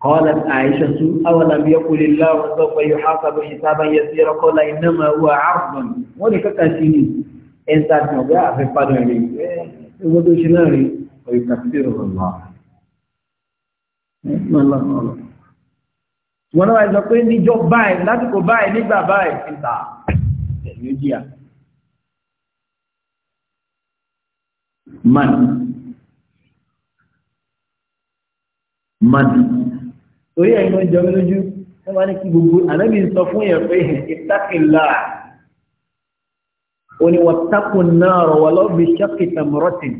قالت عائشة أولم يقل الله سوف يحاسب حسابا يسيرا قال إنما هو عرض ولك كاسيني إن تاتنا بها في فضل يقولوا شناري ويكفره الله ما الله الله wọ́n náà ẹ̀sọ́ pé níjọ́ báyìí lásìkò báyìí nígbà báyìí ìta ẹ̀yọ́ jíà man man torí ẹ̀yin ló ń jọmí lójú wọ́n máa ní kí gbogbo ànábì ń sọ fún yẹn pé ìtàkìlá oníwàtàkùn náà rọ̀ wà lọ́bì ṣọ́kìtà mọ́rọ́tìn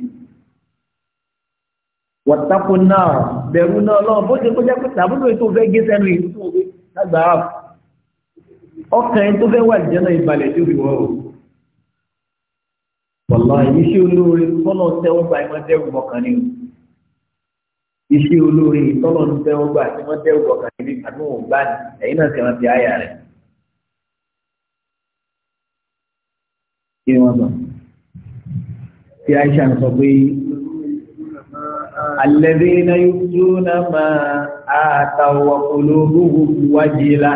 wàtàkù náà bẹ̀rù náà lọ́wọ́ bó ṣe kó jẹ́ pẹ̀lú àbúrò tó fẹ́ gé sẹ́nu ìlú lágbà áàpù ọkàn tó fẹ́ wà jẹ́nà ìbàlẹ̀ tó fi wọ́ wọ́lá ìṣẹ́ olóore fọ́nà tẹ́wọ́ gba ìmọ̀ tẹ́wọ́ mọ̀kàn ni iṣẹ́ olóore tọ́lọ̀ ń tẹ́wọ́ gbà tí wọ́n tẹ́wọ́ gbọ̀ kàn níbi àti wọn ò gbà ní ẹ̀yìn náà sì rántí àyà rẹ̀. tí Aisha ń sọ pé alladhina yu'tuna ma ataw wa qulubuhum wajila.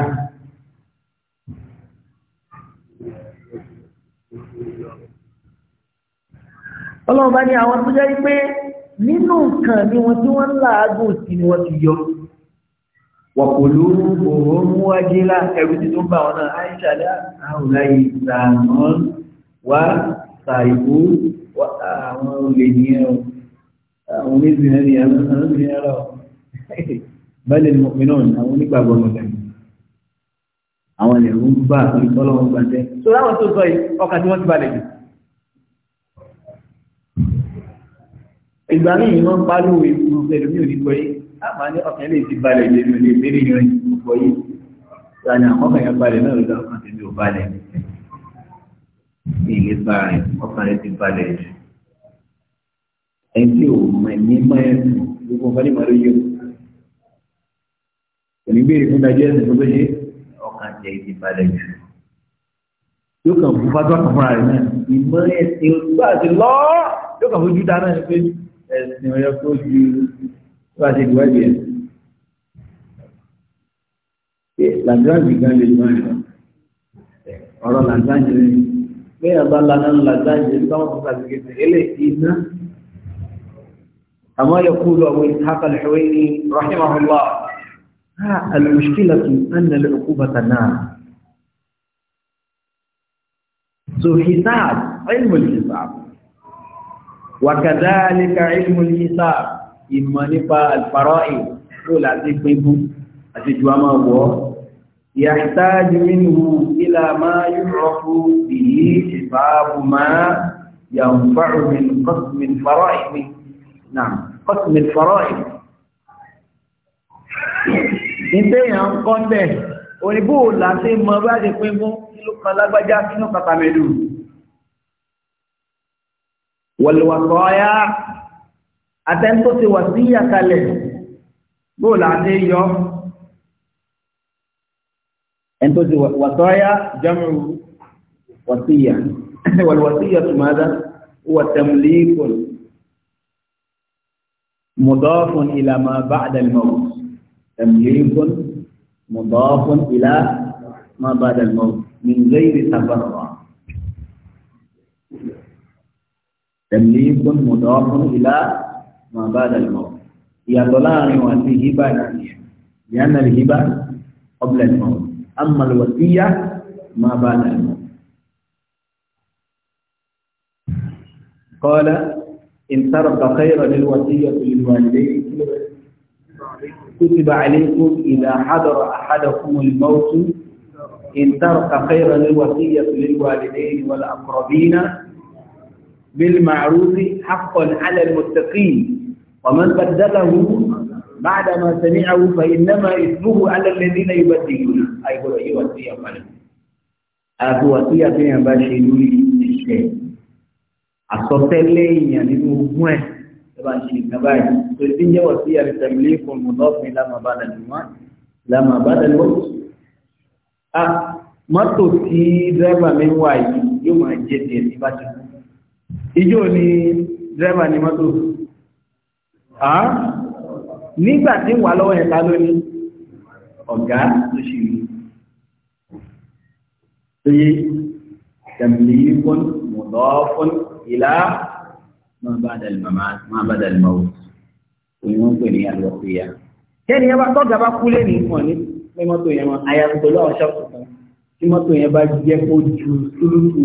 ọlọ́run bá ní àwọn tó jẹ́ pé nínú nǹkan ni wọn tí wọ́n ń láàágùn sí ni wọ́n ti yọ wà kò lóru òun mú wájé lá ẹrù tí tó ń bá wọn náà àìsà dá àwọn láyé ìsàmọ́ wá sàìbò àwọn olè ní ẹ̀rọ àwọn oníbìnrin ní ẹ̀rọ àwọn oníbìnrin ẹ̀rọ bẹ́ẹ̀ ni mọ̀mìnà àwọn onígbàgbọ́ mọ̀lẹ́ àwọn ẹ̀rù ń bá àti ìtọ́lọ́wọ́n gbàtẹ́. sọ láwọn tó sọ yìí ọkà tí wọ́n ti balẹ̀ yìí ìgbà ní ìmọ̀ pálù ìpùn ẹlòmí ò ní gbọ́ yìí àmà ní ọ̀kẹ́ lè ti balẹ̀ lè lè bèèrè ìrìn ìpùpọ̀ yìí ìlànà àkọ́kọ̀ yẹn balẹ̀ náà lọ́dọ̀ ọkàn tèmi ò balẹ̀ ní ilé bá rẹ̀ ọkàn rẹ̀ ti balẹ̀ jù ẹni tí ò mọ̀ ní mọ̀ ẹ̀sìn gbogbo ọkàn nímọ̀ ló yẹ kò ní bèèrè fún dájú yóò kàn fún fátọ́ kan fúnra náà ìmọ̀ ẹ̀sìn òṣùpá àti lọ́ọ́ yóò kàn fojú dáná ẹ̀ ẹ̀sìn ọ̀yọ́ kó ju bá ti wájú ẹ̀. pé làdáǹdì gan lè gbọ́n ẹ̀rọ ọ̀rọ̀ làdáǹdì rẹ̀ pé ọba lana làdáǹdì rẹ̀ fún kàtìkìtì eléyìí iná. àmọ́ yẹ kú lọ àwọn ìtàkà lẹ́wọ́ ní rahimahullah المشكلة أن العقوبة نار So hisab, ilmu hisab وكذلك علم الحساب ìmọ̀ nípa alfarọ́ì tó láti pínbú àti jù a máa wọ́ yàtàájú nínú ilá máa yúrọ̀kú ìyí ìfàábù máa yàǹfààrù min qasmin farọ́ì náà qasmin farọ́ì ìpé èèyàn kọ́ bẹ̀ òníbò láti والوصايا اتنتو سي وصيا كالي بولا تيو انتو سي وصايا جمع وصيا والوصية ماذا هو تمليك مضاف الى ما بعد الموت تمليك مضاف الى ما بعد الموت من غير تبرع تمليك مضاف إلى ما بعد الموت يا يطلعني وفي هبة لأن الهبة قبل الموت أما الوصية ما بعد الموت قال إن ترك خيرا للوصية للوالدين كتب عليكم إذا حضر أحدكم الموت إن ترك خيرا للوصية للوالدين والأقربين بالمعروف حقا على المتقين ومن بدله بعد ما سمعه فإنما إثمه على الذين يبدلونه أي هو أي أيوة، وصية فعلا أبو وصية فيها باشي لوري الشيء أصوتلي يعني نوبوه باشي نباي فإن وصية لتمليك المضاف إلى ما بعد الموت لا ما بعد الموت أه mọ́tò tí dẹ́rẹ́bà mi wà ما ti ما من wa يوم الجد maa ìjọ ni dẹ́rẹ́bà ni mọ́tò àá nígbà tí wà lọ́wọ́ ẹ̀ta lónìí ọ̀gá tó ṣe rí tóyé tẹ̀mìlìkún mọ̀dọ́fún ìlà máa bá dàlì mọ́wó òní wọ́n pè ní àlọ́pẹ̀yà kẹ́ni ẹ bá tọ́gà bá kú lé ní ìfọ̀n ní mọ́tò yẹn wọn àyàtọ̀ lọ́wọ́ ṣọ́ọ̀kù kan tí mọ́tò yẹn bá jẹ́ kó ju túlùtù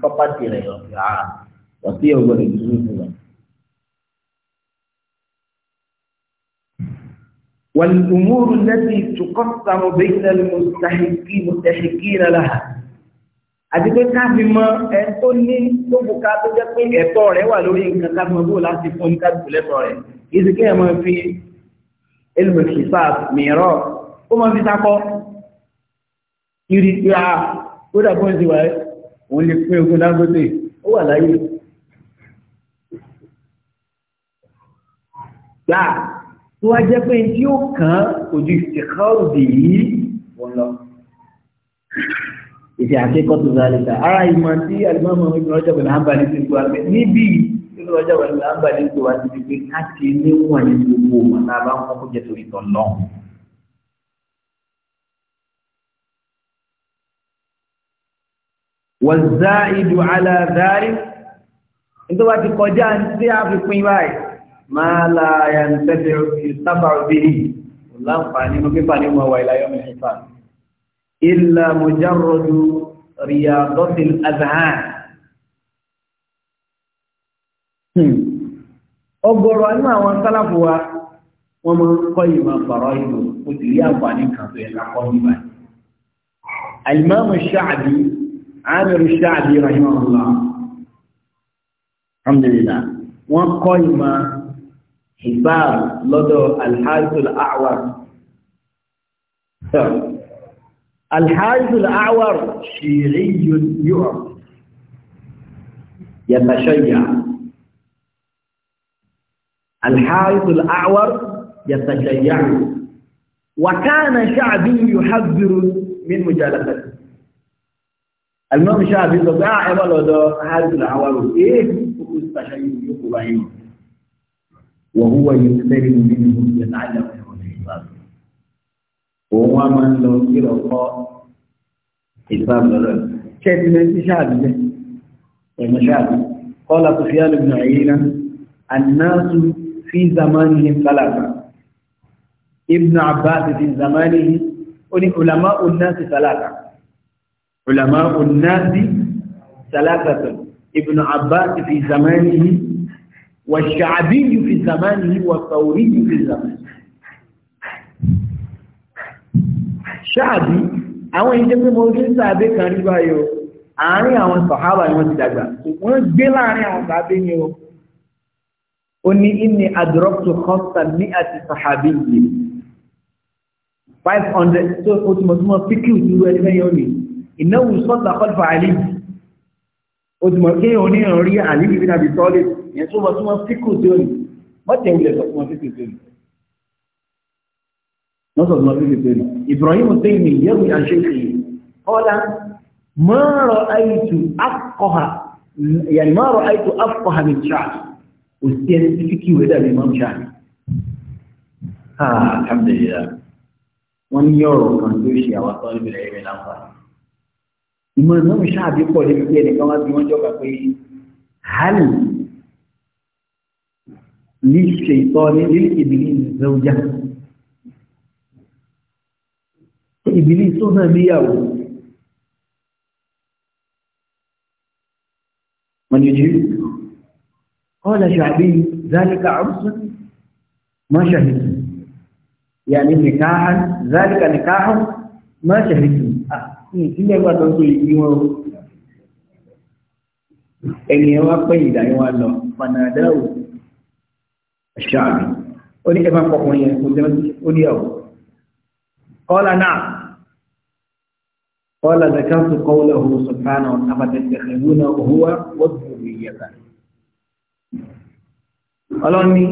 kọ́pàtì rẹ̀ lọ́wọ́ wàtí ọgbọ́dọ̀ dúró fún wa. والأمور التي تقسم بين المستحقين مستحقين لها àti pé ká fi mọ ẹ̀tọ́ ní tó bùká tó jẹ́ pé ẹ̀tọ́ rẹ̀ wà lórí nǹkan ká mọ bóò láti fún ká jù lẹ́tọ̀ rẹ̀ kìí sí kí ẹ máa fi ilmu hisab mìíràn ó máa fi sákọ́ kiri pé a ah, ó ń ti wà ẹ́ òun lè pín ogun Dangote ó wà láyé gbà tó wá jẹ́ pé tí ó kàn ojú ìsìnkọ́ọ̀dì yìí wọ́n lọ. ìṣe àkẹ́kọ̀ọ́ tó sáré ta ara ìmọ̀ tí alimọ́mọ́ ìgbìmọ̀ ọjọ́ pẹ̀lú àǹbá ní ti wá pé níbí ìgbìmọ̀ ọjọ́ pẹ̀lú àǹbá ní ti wá ti di pé ká ti níwọ̀n ní gbogbo wọn náà bá ń kọ́kọ́ jẹ́ torí tọ̀ náà. wàzáìdù aláàdárí nítorí wá ti kọjá ní tí báyìí máa la ya ń tẹ́fẹ́ ìtàbàrù bí i láǹfààní mọ́ pípà ní ọmọ wà ìlàyọ́ mẹ́fà ìlà mọ̀járọ̀dù ríyàdọ́tìl azhar hmm. ọgọ́rọ̀ inú àwọn sálàfù wa wọ́n mọ́ kọ́ ìmọ̀ pàrọ̀ ìlú ó ti rí àǹfààní kan tó yẹ lápọ̀ nígbà حساب لدى الحاج الأعور طيب. الحاج الأعور شيعي يعرف يتشيع الحاج الأعور يتشيع وكان شعبي يحذر من مجالسته المهم شعبي يقول لا يا ولد هذا الأعور ايه وكنت تشيع يقول وهو يقترب منهم يتعلم منهم الحساب وهو من لو كير الله حساب لله كيف من شعبي من قال سفيان بن عيينة الناس في زمانهم ثلاثة ابن عباس في زمانه قل علماء الناس ثلاثة علماء الناس ثلاثة ابن عباس في زمانه والشعبي في زمانه والثوري في زمانه شعبي àwọn ìjẹ́ pé mo rí sàábé kan rí báyìí o àárín àwọn sàhábà ni wọ́n ti dàgbà wọ́n gbé láàrin àwọn sàábé ni o ó ní inni adrọ́pù kọ́sà ní àti sàhábí yìí 500 tó o túnmọ̀ túnmọ̀ píkì ìlú ẹni lẹ́yìn òní ìnáwó sọ́tà kọ́lùfà àlì ó túnmọ̀ kéèyàn oníran rí àlì ìbínàbí tọ́lẹ̀ yẹn tó mọ tó mọ fíkù dóni wọ́n tẹ̀ wulẹ̀ sọ fún wọn fíkù dóni wọ́n sọ fún wọn fíkù dóni Ibrahim tẹ́yìnì yẹ́wù àṣekì kọ́lá mọ́rọ̀ àìtù akọ́ha yàrá mọ́rọ̀ àìtù akọ́ha mi tíra kò sí ẹni tí fíkì wẹ̀ dàbí mọ́ tíra ni. alhamdulilayi wọ́n ní ọ̀rọ̀ kan tó ṣe àwọn tó ń bẹ̀rẹ̀ ẹ̀rẹ̀ láǹfààní ìmọ̀ náà ṣáàbí pọ̀ níbi tí ẹnìkan wá bí wọ́n jọba pé hàlì للشيطان للإبليس زوجة إبليس هنا بياو من يجيب قال شعبي ذلك عرس ما شهدت يعني نكاحا ذلك نكاح ما شهدت إنه ما تنسي يجيبه ẹni ẹwà pẹ́ ìdáyẹ̀wà lọ fànàdáwò ṣáàbí ó ní ẹbá pọkùnrin yẹn kò jẹ́ ó ní ẹ̀wọ̀ kọ́lá náà kọ́lá zakartu kọ́lá ohun sọ̀tánà àbàtẹ̀tẹ̀rẹ̀wò náà òhúwá wọ́pùrù yẹ̀ta ọlọ́ni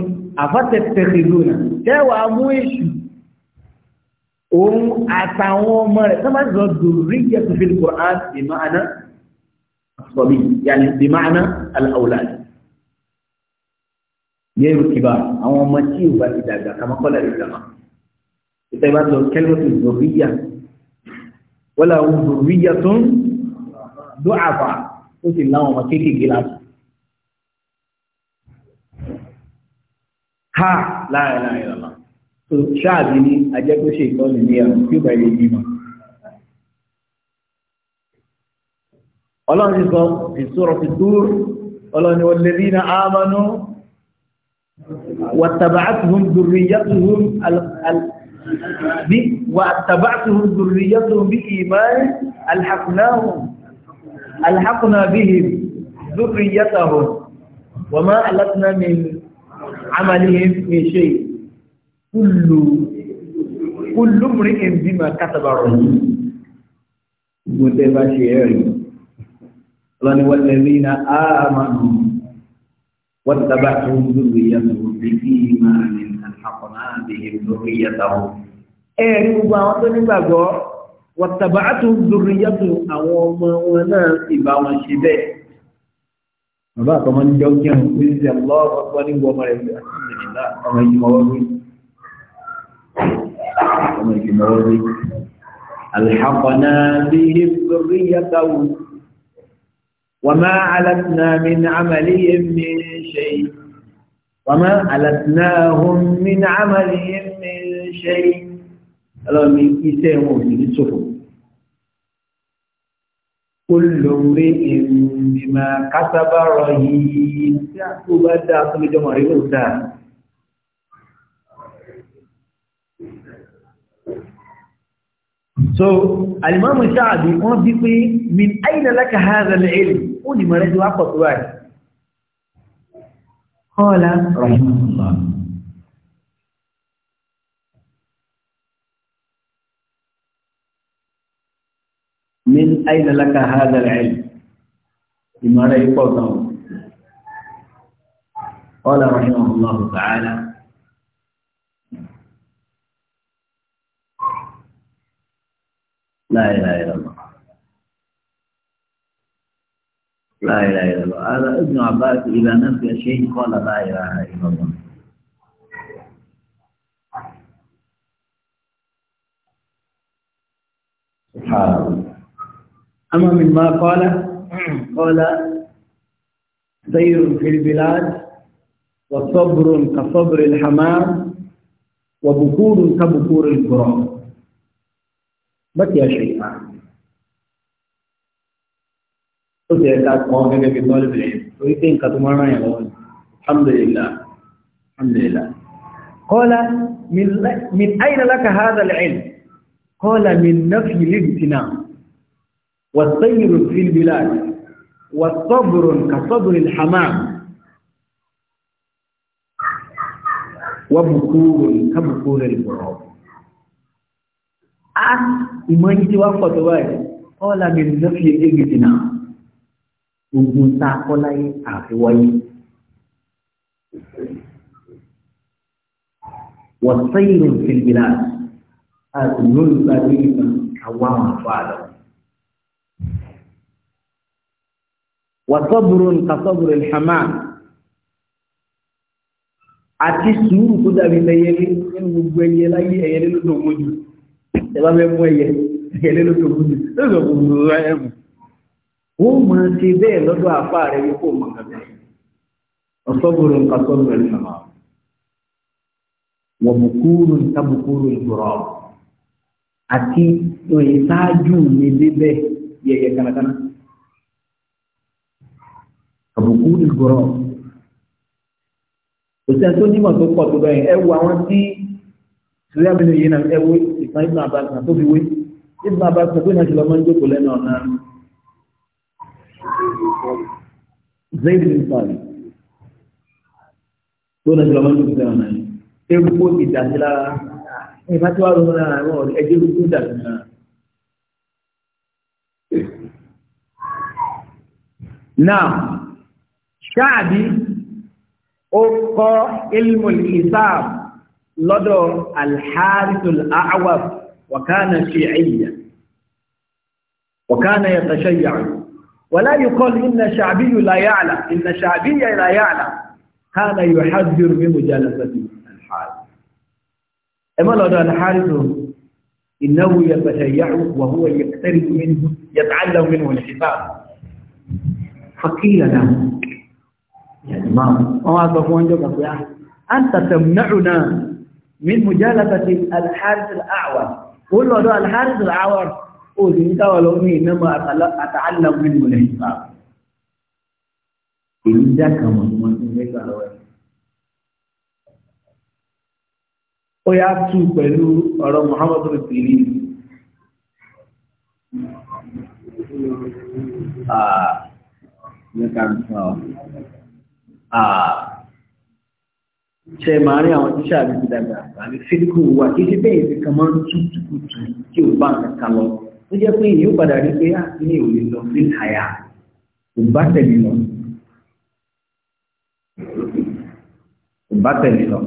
àbàtẹ̀tẹ̀rẹ̀wò náà tẹ́wàá mú èṣù òun àtàwọn ọmọ rẹ̀ sábà zọ dòrí yẹtù fi kùrán sọ̀bí yàní bìmáàná aláwòláàdì yẹ́rù kìbá àwọn ọmọ tí ò bá ti dàgbà kàmọ́kọ́lá rẹ̀ dàgbà ìtẹ́ bá lọ kẹ́lẹ́tù zòríyà wọ́n làwọn zòríyà tó ń dó àbá ó sì láwọn ọmọ kéékèèké láti. ha láàrin láàrin ọ̀la tó ṣáàbí ní ajẹ́kóṣe ìtọ́ni ní ẹ̀rọ tí ó bá ilé bímọ. ọlọ́run ti sọ ìṣòro ti dúró ọlọ́run ni wọ́n lè rí na ámánú واتبعتهم ذريتهم واتبعتهم ذريتهم بإيمان ألحقناهم ألحقنا بهم ذريتهم وما ألتنا من عملهم من شيء كل كل امرئ بما كتب الرجل متبا شعري والذين آمنوا واتبعتهم ذريتهم بإيمان ألحقنا بهم ذريتهم ẹ̀rí gbogbo àwọn tó nígbàgbọ́ wọ̀tàbàátù zurriyatu àwọn ọmọ wọn náà sì bá wọn ṣe bẹ́ẹ̀. bàbá àtọmọ ní jọ kí ẹ̀hún pín sí ọlọ́wọ́ ọgbọ́n ní gbọmọ rẹ̀ bí ọmọ ìgbìmọ̀wọ́ rí ọmọ ìgbìmọ̀wọ́ rí wàmọ́ àlàtìnáhùn mí ní àmàlì mi ṣe ọlọ́mi iṣẹ́ wọn ò ní ní ṣòfò kó lóore ìrìnbìmọ̀ kásábàárọ̀ yìí tí a kó bá dáa tó lè jọmọ̀ rí ló dáa so alimami sáàbì wọ́n bí pé min aina laka hadha al-ilm ó ní mọ̀rẹ́jú wá pọ̀ tó báyìí قال رحمه الله من أين لك هذا العلم لما رأيك قال رحمه الله تعالى لا إله إلا الله لا إله إلا الله هذا ابن عباس إذا نفي شيء قال لا إله إلا الله سبحان الله أما قال قال سير في البلاد وصبر كصبر الحمام وبكور كبكور الكرام بك يا شيخ الحمد للہ الحمد للہ قال من من اين لك هذا العلم قال من نفي الابتناء والطير في البلاد والصبر كصبر الحمام وبكور كبكور البراب أه إيمانك توقف قال من نفي الابتناء gbogbo ń ta akọ́láyé àfiwáyé. wọ́sẹ̀yìn fìlìbìlà àti lónìí ìgbà àwa wọn fọ àlọ́. wàsọ́bùrù nkàsọ́bùrù ìhàmà àti sùúrù kó dàbí ẹyẹlé nínú gbogbo ẹyẹ láyé ẹyẹlé ló dògbò jù ẹ bá fẹ́ mú ẹyẹ ẹyẹlé ló dògbò jù ló dògbò jù ló rẹ ẹ̀mù ó mọ̀ sí bẹ́ẹ̀ lọ́dọ̀ àpá rẹ̀ wípò mọ̀ kàbẹ̀ ọ̀sọ́gbòrò nǹkan sọ́gbòrò rẹ̀ sọ̀rọ̀ wọ́n bùkúrú níta bùkúrú ìgbòrọ̀ àti òye sáájú mi débẹ̀ yẹyẹ kánakáná àbùkúrú ìgbòrọ̀ kò sí ẹni tó nímọ̀ tó pọ̀ tó bẹ́ẹ̀ ẹ wo àwọn tí sùúrù àbẹ̀lẹ̀ yìí náà ẹ wo ìtàn ìgbà àbáṣà tó fi wé ìgbà àbáṣà tó náà ṣe lọ́mọ ń jókòó lẹ́nu ọ̀nà زيد بن طالب دون زمان زمان كيف يكون في داخل كيف تقول نعم شعبي أقا علم الحساب لدر الحارث الأعوف وكان شيعيا وكان يتشيع ولا يقال إن شعبي لا يعلم إن شعبي لا يعلم هذا يحذر من مجالسة الحارث أما لو الحارث إنه يتشيعه وهو يقترب منه يتعلم منه الحفاظ فقيل له يا إمام أنت تمنعنا من مجالسة الحارث الأعور قل له الحارث الأعور òsì ní táwọn lọ ní ìnáma àtàlàmù nínú ilẹ̀ ìgbà èyí já kan mọ̀ ní wọ́n ti fẹ́ gbà lọ́wọ́ ẹ̀. ó yá tú pẹ̀lú ọ̀rọ̀ muhammadu rufiri ṣe máa rí àwọn tíṣà àbí ti dàgbà àbí fílíkù wà kí ṣe bẹ́ẹ̀ ìfẹ́ kan máa ń tú tùkùtù tí ò bá nǹkan lọ tó jẹ́ pé èyí padà rí pé àtúnyẹ ah, ò lè lọ sí àyà kò bá tẹ̀lé lọ kò bá tẹ̀lé lọ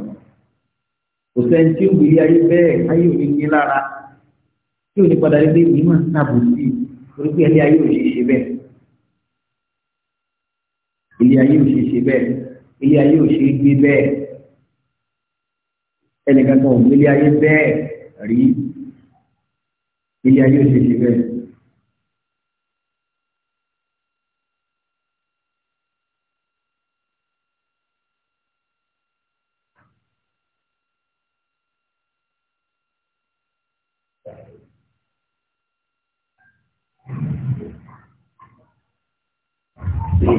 kò sẹ́ni tí ó wù yí ayé bẹ́ẹ̀ ayé ò ní ní lára tí ò ní padà rí pé èyí máa ń sàbò sí i torí pé ilé ayé ò ṣe ṣe bẹ́ẹ̀ ilé ayé ò ṣe ṣe bẹ́ẹ̀ ilé ayé ò ṣe gbé bẹ́ẹ̀ ẹnìkan kan ò gbé ayé bẹ́ẹ̀ rí i. ilé ayé òṣèṣe bẹ́ẹ̀.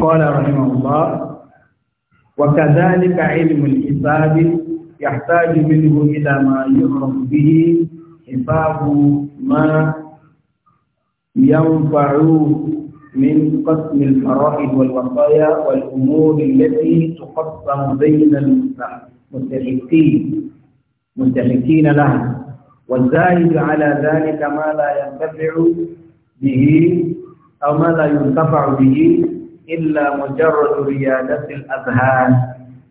قال رحمه الله وكذلك علم الحساب يحتاج منه إلى ما يعرف به حفاظ ما ينفع من قسم الفرائض والوصايا والأمور التي تقسم بين المستحقين مستحقين لها والزائد على ذلك ما لا ينتفع به أو ما لا ينتفع به إلا مجرد ريادة الأذهان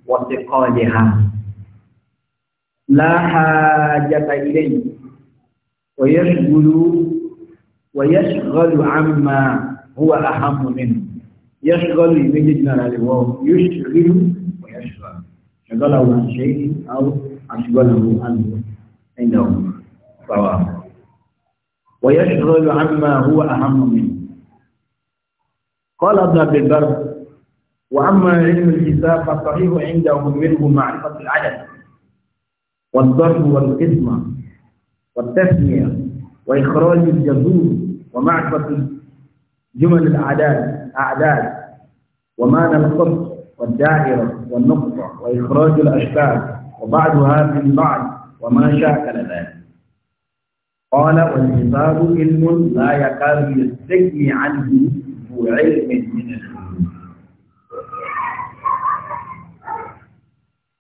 وانتقالها لا حاجة إليه ويشغل ويشغل عما هو أهم منه يشغل يمجدنا للواو يشغل ويشغل شغله عن شيء أو أشغله عنه عنده صواب ويشغل عما هو أهم منه قال ابن أبي البر وأما علم الحساب فالصحيح عندهم منه معرفة العدد والضرب والقسمة والتسمية وإخراج الجذور ومعرفة جمل الأعداد أعداد ومعنى الخط والدائرة والنقطة وإخراج الأشكال وبعضها من بعض وما شاكل ذلك قال والحساب علم لا يكاد يستغني عنه ذو علم من العلوم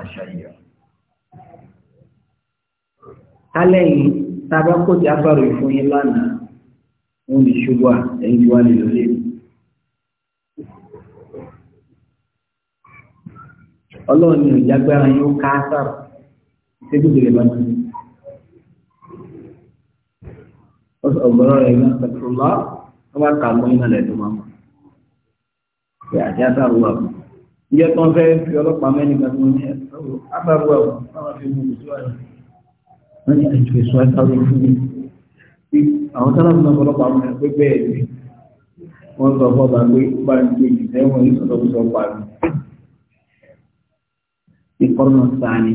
àṣàyà. Kálẹ̀ yìí, tàbá kò tí agbárò ìfún yín lánàá, wọ́n lè ṣubú à ẹ̀yìn tí wá lè lọlé. Ọlọ́run ni ìjágbára yóò ká sára, ṣé gbogbo lè bá tún. Ó sọ ọ̀gbọ́rọ̀ rẹ̀ ní ọ̀sẹ̀ wọ́n bá kà á lóyún náà lẹ́dùn mọ́mọ́. Ìyá àjá sára wà fún ìyẹ́ tó ń fẹ́ fi ọlọ́pàá mẹ́nìkan tó ní ẹ̀sọ́rọ̀ agbábọ̀ àwọn fi mú ìṣúwájú wọ́n ní àìjù èso àtàwọn fún mi àwọn tánàbù náà ọlọ́pàá mọ̀ pé bẹ́ẹ̀ ni wọ́n sọ fọ́ bá pé bá ń pè jù lẹ́wọ̀n ìsọ̀tọ̀kùsọ pàrọ̀ ìkọ́nà sáni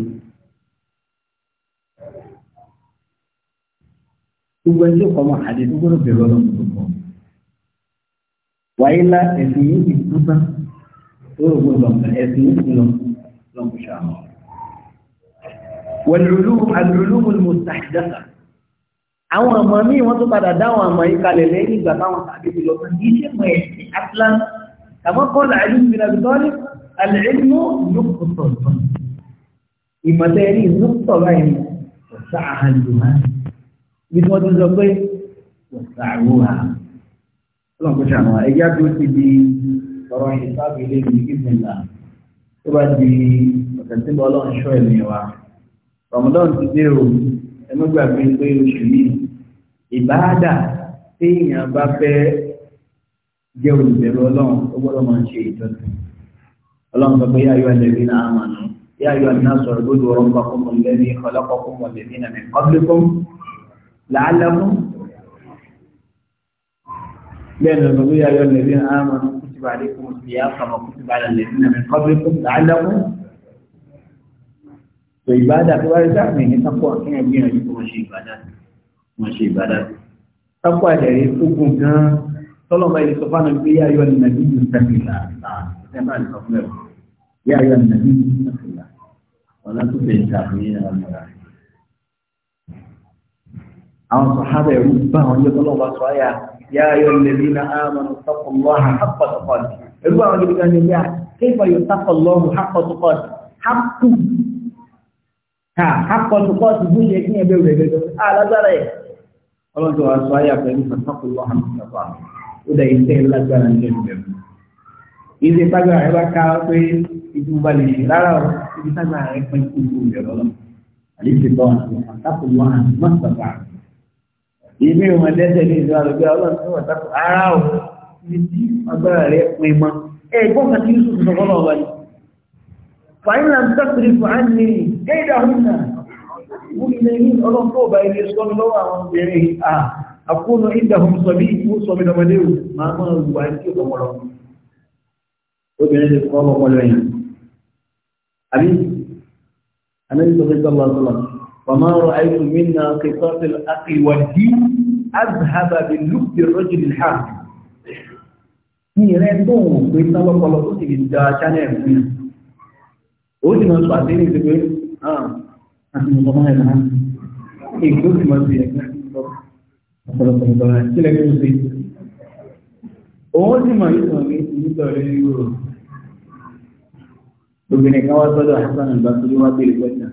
gbogbo ẹjọ́ kọ́ mọ́ àdé tó gbọ́dọ̀ ẹ̀sìn yìí ti ويقول لهم فهيبين لهم لهم شاء الله والعلوم العلوم المستحدثة أو أمامي وانتو بعد دعوة العلم نقطة إما وسعها الجمال مثل ما تزوجي وسعوها ọ̀rọ̀ ìsáàbì ilé ìlú ìgbìmọ̀lá tó bá di ọ̀sẹ̀ tí bọ́ lọ́n ṣọ́ ẹ̀mí wa rọ̀mọdọ́n ti dé o ẹnu gbàgbé pé oṣù yìí ìbáàdà téèyàn bá fẹ́ jẹ́ olùbẹ̀rù ọlọ́run ó gbọ́dọ̀ máa ń ṣe ìjọsìn ọlọ́run sọ pé yáyọ ẹlẹ́bí náà á mànú yáyọ ẹ̀ná sọ̀rọ̀ lójú ọ̀rọ̀ ńkọ fún mọ̀lẹ́bí ọlọ́kọ̀ fún mọ̀lẹ́bí náà ní ọ́bíkún làálẹ́kún bẹ́ẹ̀ ni ọ̀rọ̀ yáyọ ẹlẹ́bí náà á mànú كتب عليكم الصيام كما كتب على الذين من قبلكم لعلكم فعبادة وارزاق من تقوى كنا بينا لكم شيء عبادات ماشي عبادات تقوى إيه، جري تقوم كان صلى الله عليه وسلم يا أيها النبي اتق الله يا أيها النبي اتق الله ولا تطع الكافرين والمنافقين àwọn sọ̀hábẹ̀ rú bá يقول yóò tọ́lọ́ bá sọ يا أيها الذين آمنوا اتقوا الله حق تقاته ارجعوا إلى الجميع كيف يتقى الله حق تقاته حق ها حق تقاته بوجه يكني بيولي بيولي على ذلك الله تعالى سوايا فإن فاتقوا الله حق تقاته وده ينتهي الله تعالى الجميع إذا تقرأ عبارة كافي ìdúgbà lè ṣe rárá o ibi tágbà rẹ pẹ́ kúrò lọ́lọ́ àlejò bọ́ àti àtàkùn wọn àti mọ́tàbà àti ìbí ọmọ dẹ́sẹ̀ ní ìlú àrùgbé ọlọ́run tí wọ́n tako ara ò ní tí agbára rẹ̀ pin mọ́ ẹ gbọ́n kan tí yusuf sọ fọ́lọ́ wa ni fàyínlá ń tọ́kiri fàánì déédà húnà wọ́n ilé ní ọlọ́run tó bá ilé sọ́mi lọ́wọ́ àwọn obìnrin à àkóónú ìdáhùn sọ̀bí ìwú sọ̀bí lọ́mọdé o máa máa wà ti kọ́ ọmọ ọmọ lọ́yìn àbí àmì ìsọ̀bí sọ́lọ́ sọ́lọ́ وما رأيت منا قصاص الأقل والدين أذهب باللب الرجل الحاكم ní rẹ̀ tó wù pé sáwọ́pọ̀lọ́ tó sì lè da channel fún yàn ó sì máa pàdé ní ìdíwé àti mọ̀tọ́mọ́ ẹ̀ náà èyí tó sì máa fi ẹ̀gbẹ́ ọ̀pọ̀lọpọ̀ ìjọba ẹ̀ sílẹ̀ kí ó ṣe òun sì máa yóò sàn ní nítorí yúrò obìnrin kan wá sọ́dọ̀ Hasan al-Basri wá bèrè pẹ́sàn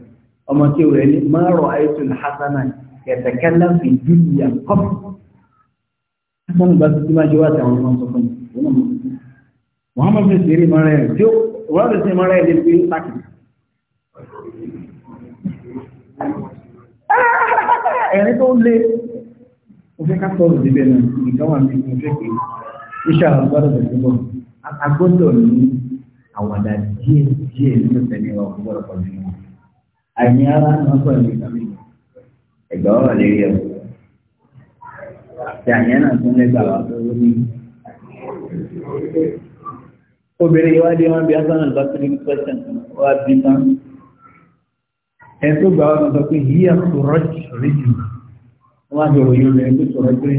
ọmọ tí ó rẹ̀ ní ma ra'aytul hasanan yatakallamu fi dunya qat hasan bá ti máa jẹ́ wá tàwọn ọmọ sọ fún mi muhammad bin siri mara ẹ̀ tí ó wọ́n lè sin mara ẹ̀ lè fi pàkì. ẹ̀rín tó le mo fẹ́ ká sọ̀rọ̀ síbẹ̀ náà nìkan wà mí mo pé iṣẹ́ àwọn gbọ́dọ̀ tẹ̀sí bọ̀ agbọ́dọ̀ ní àwàdà díẹ̀ díẹ̀ nínú tẹ̀lé wa gbọ́dọ̀ pọ̀ jù àyìn ara náà sọ ní ìtàn ẹgbẹ́ ọ̀rọ̀ lérí ẹ̀ tí àyìn náà tún lẹ́gbà wà tó ní. obìnrin yìí wá dé wọn bí asan albasiri question wá bí tán ẹ tó gbà wọn sọ pé yíyà sọ̀rọ̀ rí jù wọn á bẹ̀rù yóò lẹ́yìn tó sọ̀rọ̀ rí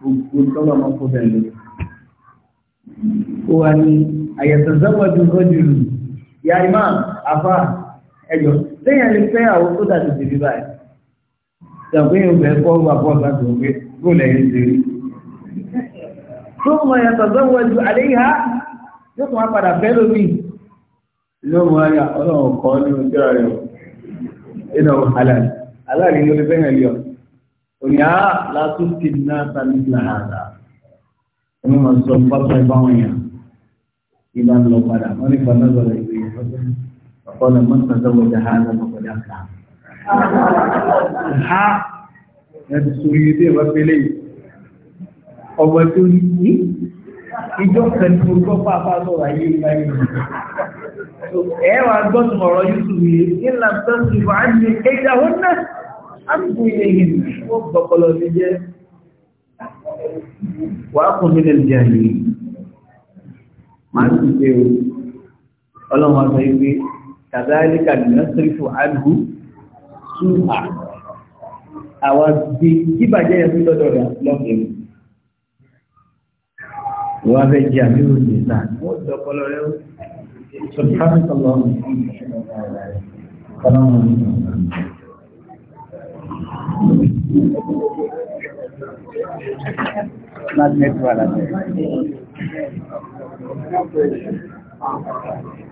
jù gbogbo tọ́lọ̀ máa kó bẹ̀rẹ̀ lórí. ó lẹ́yìn alẹ́ fẹ́ àwọn tó dàbí bèbí báyìí ìyàgbé yóò bẹ̀ kọ́ wà bọ́ ọ̀gá tó gbé kó lẹ́yìn ìṣeré tó mọ̀ yàtọ̀ tó wọ ju alẹ́ yìí ha yóò tún wá padà fẹ́ lómi yóò mú ayà ọlọ́run kọ́ ní ojú ayọ̀ nínú halal halal ni olè fẹ́ràn lé ọ òní á látún ti ná tàbí làhàdà ẹni wọn sọ pápá ìbáwọn yàn ìbá ń lọ padà wọn ní padà lọ rẹ فقال من تزوج هذا فقد أفلح ha ẹni sórí ilé wọ́n fẹ́lẹ̀ ọwọ́ tó ní ní ìjọ kan tó gbọ́ pàápàá sọ̀rọ̀ ayé báyìí ẹ wà gbọ́sùn ọ̀rọ̀ yusuf yìí nílà tó sì wà á ní ẹja ó ná àbùkù ilé yìí ó gbọ́pọ̀lọ́ ti jẹ́ wà á kún nílẹ̀ ìjà yìí máa ń ṣe ọlọ́run àgbáyé pé kàdáríkà nàṣírífò àdúgbò súnà àwọn bí kíbàjẹ́ yẹn fún lọ́dọ̀ rẹ̀ lọ́kẹ́ mi. wọ́n fẹ́ jẹ́ àmírò ní ìta wọ́n ti ọpọlọ rẹ̀ sọ̀tàn sọ̀lọ́ Not network.